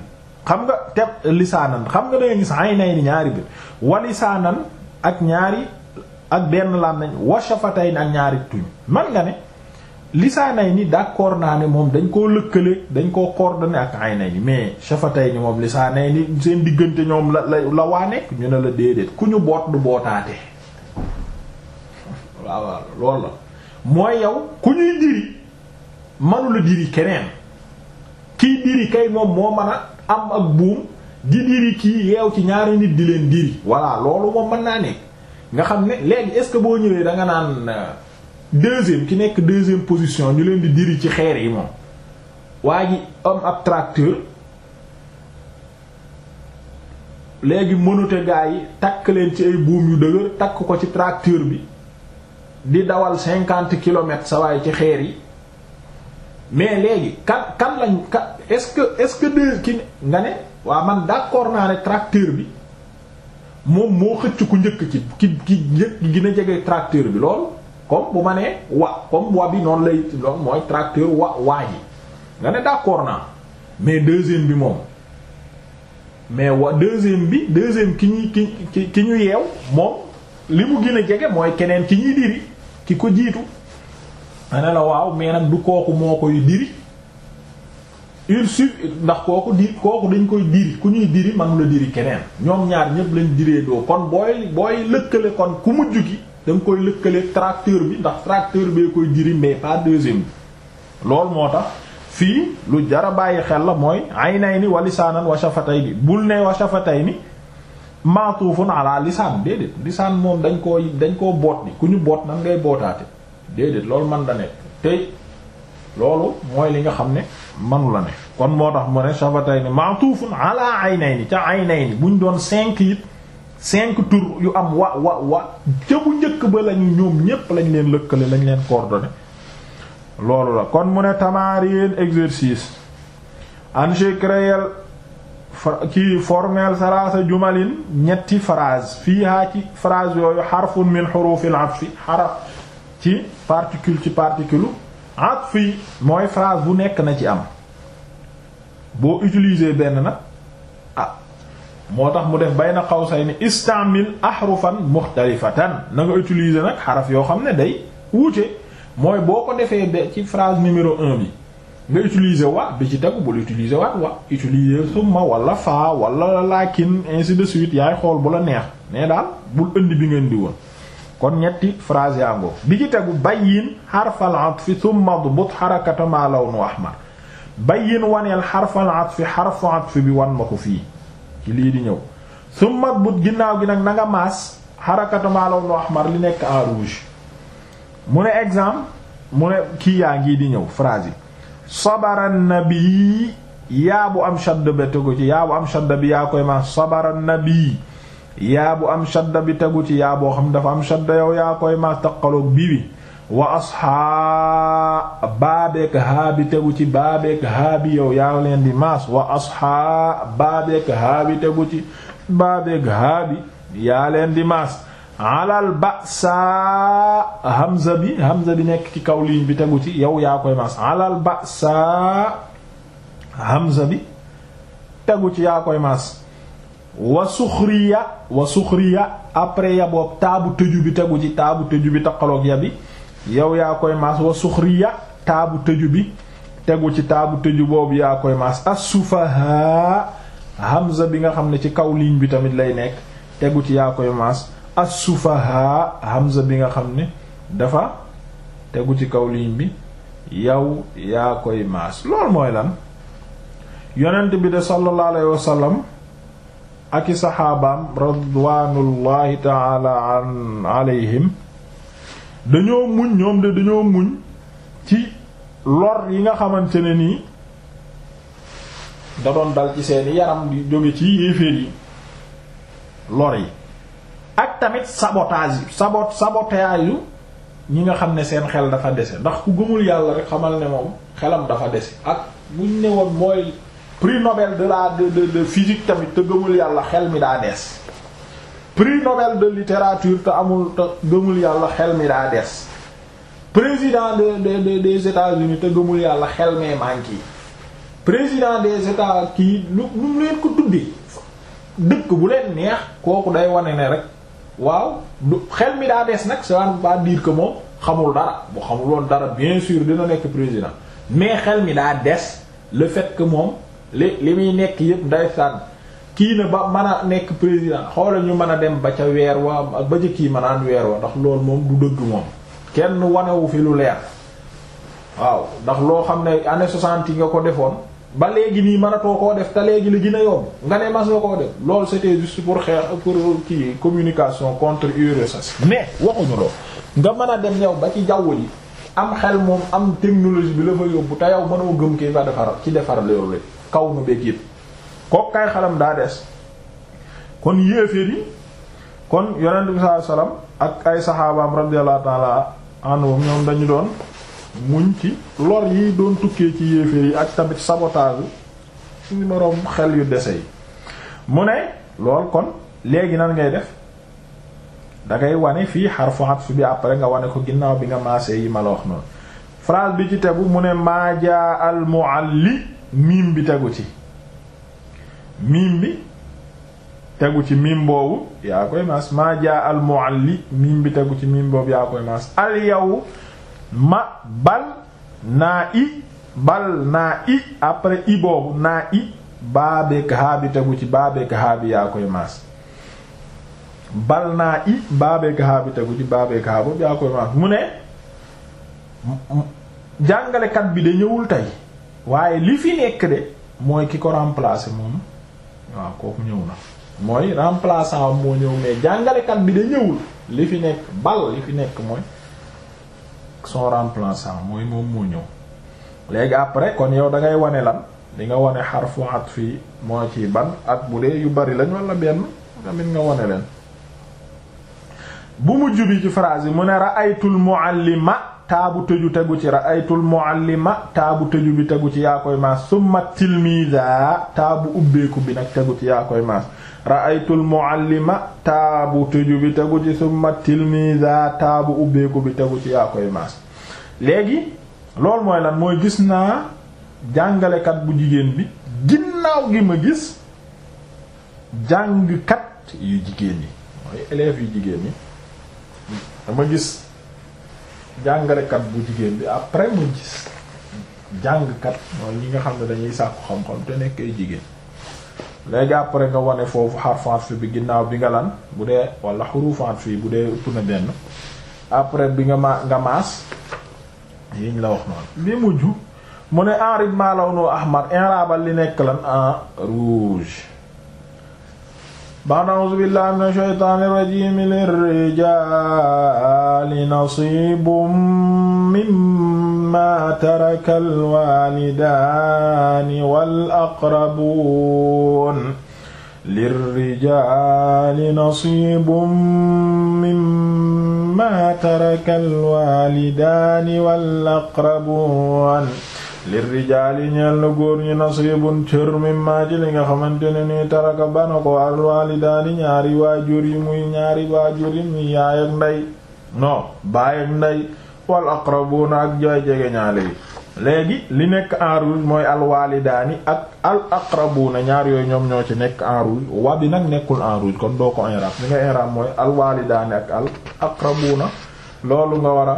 xam nga te lisaanan xam nga dangay gis aynayni ñaari bët wa lisaanan ak ñaari ak benn làmmiñ wa shafatayni ak ñaari tuñ man nga ne lisaanayni d'accord naa ne moom dañ koo lëkkale dañ koo coordonné ak aynayni mais shafatayni moom lisaanayni seen diggante ñoom la la la waa nekk ñu ne la déedéet ku ñu boot du bootaate waaw waaw loolu yow ku ñuy diri manula diri keneen moom moo mën a am ak buum di diri kii naa nekk nga xam ne léegi est-ce que boo ñëwee da nga naan euh, deuxième ki nekk deuxième position ñu leen di diri ci xeer yi moom waa ji am ab tracteur léegi mënute gaa yi takk leen ci ay buum yu dëgër takk ko ci tracteur bi di dawal cinquante kilomètres sa waay ci xeer yi mais léegi kan kan lañ kan est-ce que est-ce que deux ki nga ne waa man d'accord naa ne tracteur bi moom moo xëcc ku njëkk ci ki ki njëkk gën a jege tracteur bi loolu comme bu ma nee wa comme wa bi noonu lay loolu mooy tracteur wa waa yi nga ne d'accord naa mais deuxième bi moom mais wa deuxième bi deuxième ki ñuy ki ki ñu yeew moom li mu gën a jege mooy keneen ki ñuy diri ki ko jiitu ma ne la waaw mais nag du kooku moo koy diri il suffit ndax kooku di kooku dañ koy diri ku ñuy diri man la diri keneen ñoom ñaar ñëpp lañ diree doo kon booy booy lëkkale kon ku mujj gi da nga koy lëkkale tracteur bi ndax tracteur bee koy diri mais pas deuxième bi loolu moo tax fii lu jara bàyyi xel la mooy aynayni wa lisaanan wa shafatayni bul ne wa shafatayni maatufun ala lisaan déedéet lisaan moom dañ koo dañ koo boot bi ku ñu boot nan ngay bootaate déedéet loolu man da nekk tey loolu mooy li nga xam ne manu la ne kon moo tax mu ne shafatayni ma'tufun ala aynayni ca aynayni buñ doon cinq it cinq tur yu am wa wa wa ca bu njëkk ba lañu ñoom ñépp lañ leen lëkkale lañ leen coordonné loolu la kon mu ne tamarin exercice anché créel ki formel sarasa jumalin ñetti phrase fiihaa ci phrase yooyu xarfun min xurufil atfi xaraf ci particule ci particule atf yi mooy phrase bu nekk na ci am boo utiliser benn nag ah moo tax mu def bay na xaw bayna qawsayni istamil ahrufan mukhtalifatan na nga utiliser nag xaraf yoo xam ne day wuute mooy boo ko defee de ci phrase numéro un bi nga utiliser wa bi ci tegu bul utiliser waat wa utiliser summa wala faa wala laakin ainsi de suite yaay xool bu la neex mais daal bul indi bi ngeen di woon kon ñetti phrase yaa ngoo bi ci tegu bayyin xarfal atfi thumma dbut xarakata ma lawnu ahmar bayyin waneel xarfal atfi xarfu atfi bi wan ma ko fii ci lii di ñëw thumma dbut ginnaaw gi nag na nga maas xarakata ma lawnu ahmar li nekk en rouge mu ne exemple mu ne kii yaa ngi di ñëw phrase yi sabara nabi yaa bu am shadda ba tegu ci yaa bu am shadda bi yaa koy maas sabara nabi yaa bu am shadda bi tegu ci yaa boo xam dafa am shadda yow yaa koy maas taqaloog bi bi wa asxaa baabeek haa bi tegu ci baabeek haa bi yow yaa leen di maas wa asxaa baabeek haa bi tegu ci baabeek haa bi yaa leen di maas alal ba saa hamza bi hamza bi nekk ci kaw ligne bi tegu ci yow yaa koy maas alal ba saa hamza bi tegu ci yaa koy maas wa suxriya wa suxriya après ya boobu taabu tëju bi tegu ci taabu tëju bi taqaloog ya bi yow yaa koy maas wa suxriya taabu tëju bi tegu ci taabu tëju boobu yaa koy maas as-sufaha hamza bi nga xam ne ci kaw ligne bi tamit lay nekk tegu ci yaa koy maas as-sufaha bi nga xam ne dafa tegu ci kaw ligne bi yow yaa koy maas loolu mooy lan yonent bi de sallallahu alayhi wasallam ak i saxaabaam radwanullahi taala an alayhim dañoo muñ ñoom de dañoo muñ ci lor yi nga xamante ne nii da doon dal ci seen yaram di jóge ci yéeféer yi lor yi ak tamit sabotage yi sabot sabotage yu ñi nga xam ne seen xel dafa dese ndax ku gëmul yàlla rek xamal ne moom xelam dafa dese ak buñ ne woon mooy prix Nobel de la de de de physique tamit te gëmul yàlla xel mi daa des prix Nobel de littérature te amul te gëmul yàlla xel mi daa des président de de des États-Unis te gëmul yàlla xel mee manqué yi président des États kii lu mu leen ko tuddee dëkk bu leen neex kooku day wane ne rek waaw du xel mi daa des nag ça veut pas dire moom xamul dara bu xamul woon dara bien sûr dina nekk président mais xel mi daa des le fait ko moom. li li muy nekk yëpp ndeysaan kii na ba mën a nekk président xoola ñu mën a dem ba ca weer wa ba ca kii mënaan weer wa ndax loolu moom du dëgg moom kenn wanewu fi lu leer waaw ndax loo xam ne année soixante yi nga ko defoon ba léegi nii mënatoo koo def te léegi la gën a nga ne mas nga koo def loolu c'était juste pour xeex pour kii communication contre URSS mais waxuñu lool nga mën a dem yow ba ci jaww ji am xel moom am technologie bi la fa yóbbu te yow mënoo gëm kii ba defar ci defar loolu kaw nu beeg yëpp kooku kay xalam daa des kon yéeféer yi kon yonent bi sallallahu ak ay saxaabaam radiyallahu ta'ala anhum ñoom dañu doon muñ ci lor yi doon tukkee ci yéeféer yi ak tamit sabotage ci numéro xel yu dese yi mu ne lool kon léegi nan ngay def dangay wane fii xarfu atf bi après nga wane ko ginnaaw bi nga maasee yi ma la wax noonu phrase bi ci tegu mu ne maa jaa miim bi tegu ci miim bi tegu ci miim boobu yaa koy maas maa jaa miim bi tegu ci miim boobu yaa koy maas al ma bal naa i bal naa i après i boobu naa i baabeek haa bi tegu ci baabeek haa bi yaa koy maas bal naa i baabeek haa bi tegu ci baabeek haa boobu yaa koy maas mu ne jàngalekat bi de ñëwul tey waaye li fi nekk de mooy ki ko remplacer moom waaw kooku ñëw na mooy remplaçant moo ñëw mais jàngalekat bi da ñëwul li fi nekk bal li fi nekk mooy son remplaçant mooy moom moo ñëw léegi après kon yow da ngay wane lan di nga wane xarfu fii moo ci ban ak bu dee yu bari lañ wala benn tamit nga wane leen bu mujj bi ci phrase yi mu ne ra'aytul muallima taabu tëju tegu ci ra'aytul muallima taabu tëju bi tegu ci yaa koy maas summa tilmida taabu ubbeeku bi nag tegu ci yaa koy maas ra'aytul muallima taabu tëju bi tegu ci summa tilmida taabu ubbeeku bi tegu ci yaa koy maas léegi loolu mooy lan mooy gis naa jàngalekat bu jigéen bi ginnaaw gi ma gis jàngkat yu jigéen yi mooy élèves yu jigéen yi dama gis jàngalekat bu jigéen bi après mu gis jàngkat mooy ñi nga xam ne dañuy sàkku xam-xam te nekkee jigéen léegi après nga wane foofu xarfan fi bi ginnaaw bi nga lan bu dee wala xurufan fii bu dee ëpp na benn après bi nga ma maas yiñ la wax noonu bi mujj mu ne enrib maalaw ahmar inraabal li nekk lan en rouge بعد أعوذ بالله من الشيطان الرجيم للرجال نصيب مما ترك الوالدان والأقربون للرجال نصيب مما ترك الوالدان والأقربون lir rijaali ñeel na góor ñi nasibun cër mimmaa ci li nga xamante ne nii taraka bana ko alwaalidaani ñaari waajur yi muy ñaari waajur yi muy yaay ak ndey non baay ak ndey wal na ak jooy jege ñaale yi léegi li nekk en rouge mooy alwaalidaani ak al aqrabuuna ñaar yooyu ñoom ñoo ci nekk en rouge wa nekkul en rouge kon doo ko inrab li nga inrab mooy alwaalidaani ak al aqrabuuna loolu nga war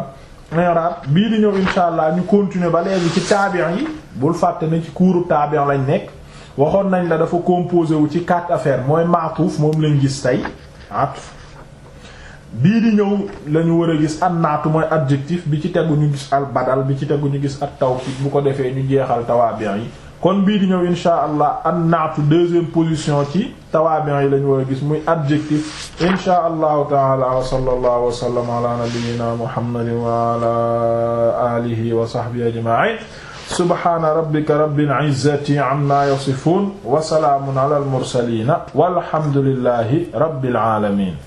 i'rab bii di ñëw insha allah ñu continuer ba léegi ci taabi'an yi bul fàtte ne ci kuuru taabi'an lañ nekk waxoon nañ la dafa composé wu ci quatre affaire mooy maatuuf moom lañ gis tey atuf bii di ñëw lañu war a gis an naatu mooy adjectif bi ci tegu ñu gis al badal bi ci tegu ñu gis ak at tawkid bu ko defee ñu jeexal tawaabi'an yi kon bii di ñëw insha allah an naatu deuxième position ci tawaabi'i yi lañu war a gis muy adjectif insha allahu taala wa sallallahu wa sallam ala nabiyyina muhammadin wa ala alihi wa sahbihi ajma'in subhana rabbika rabbil izzati amma yasifun wa salaamun ala al mursalin walhamdulillahi rabbil alamin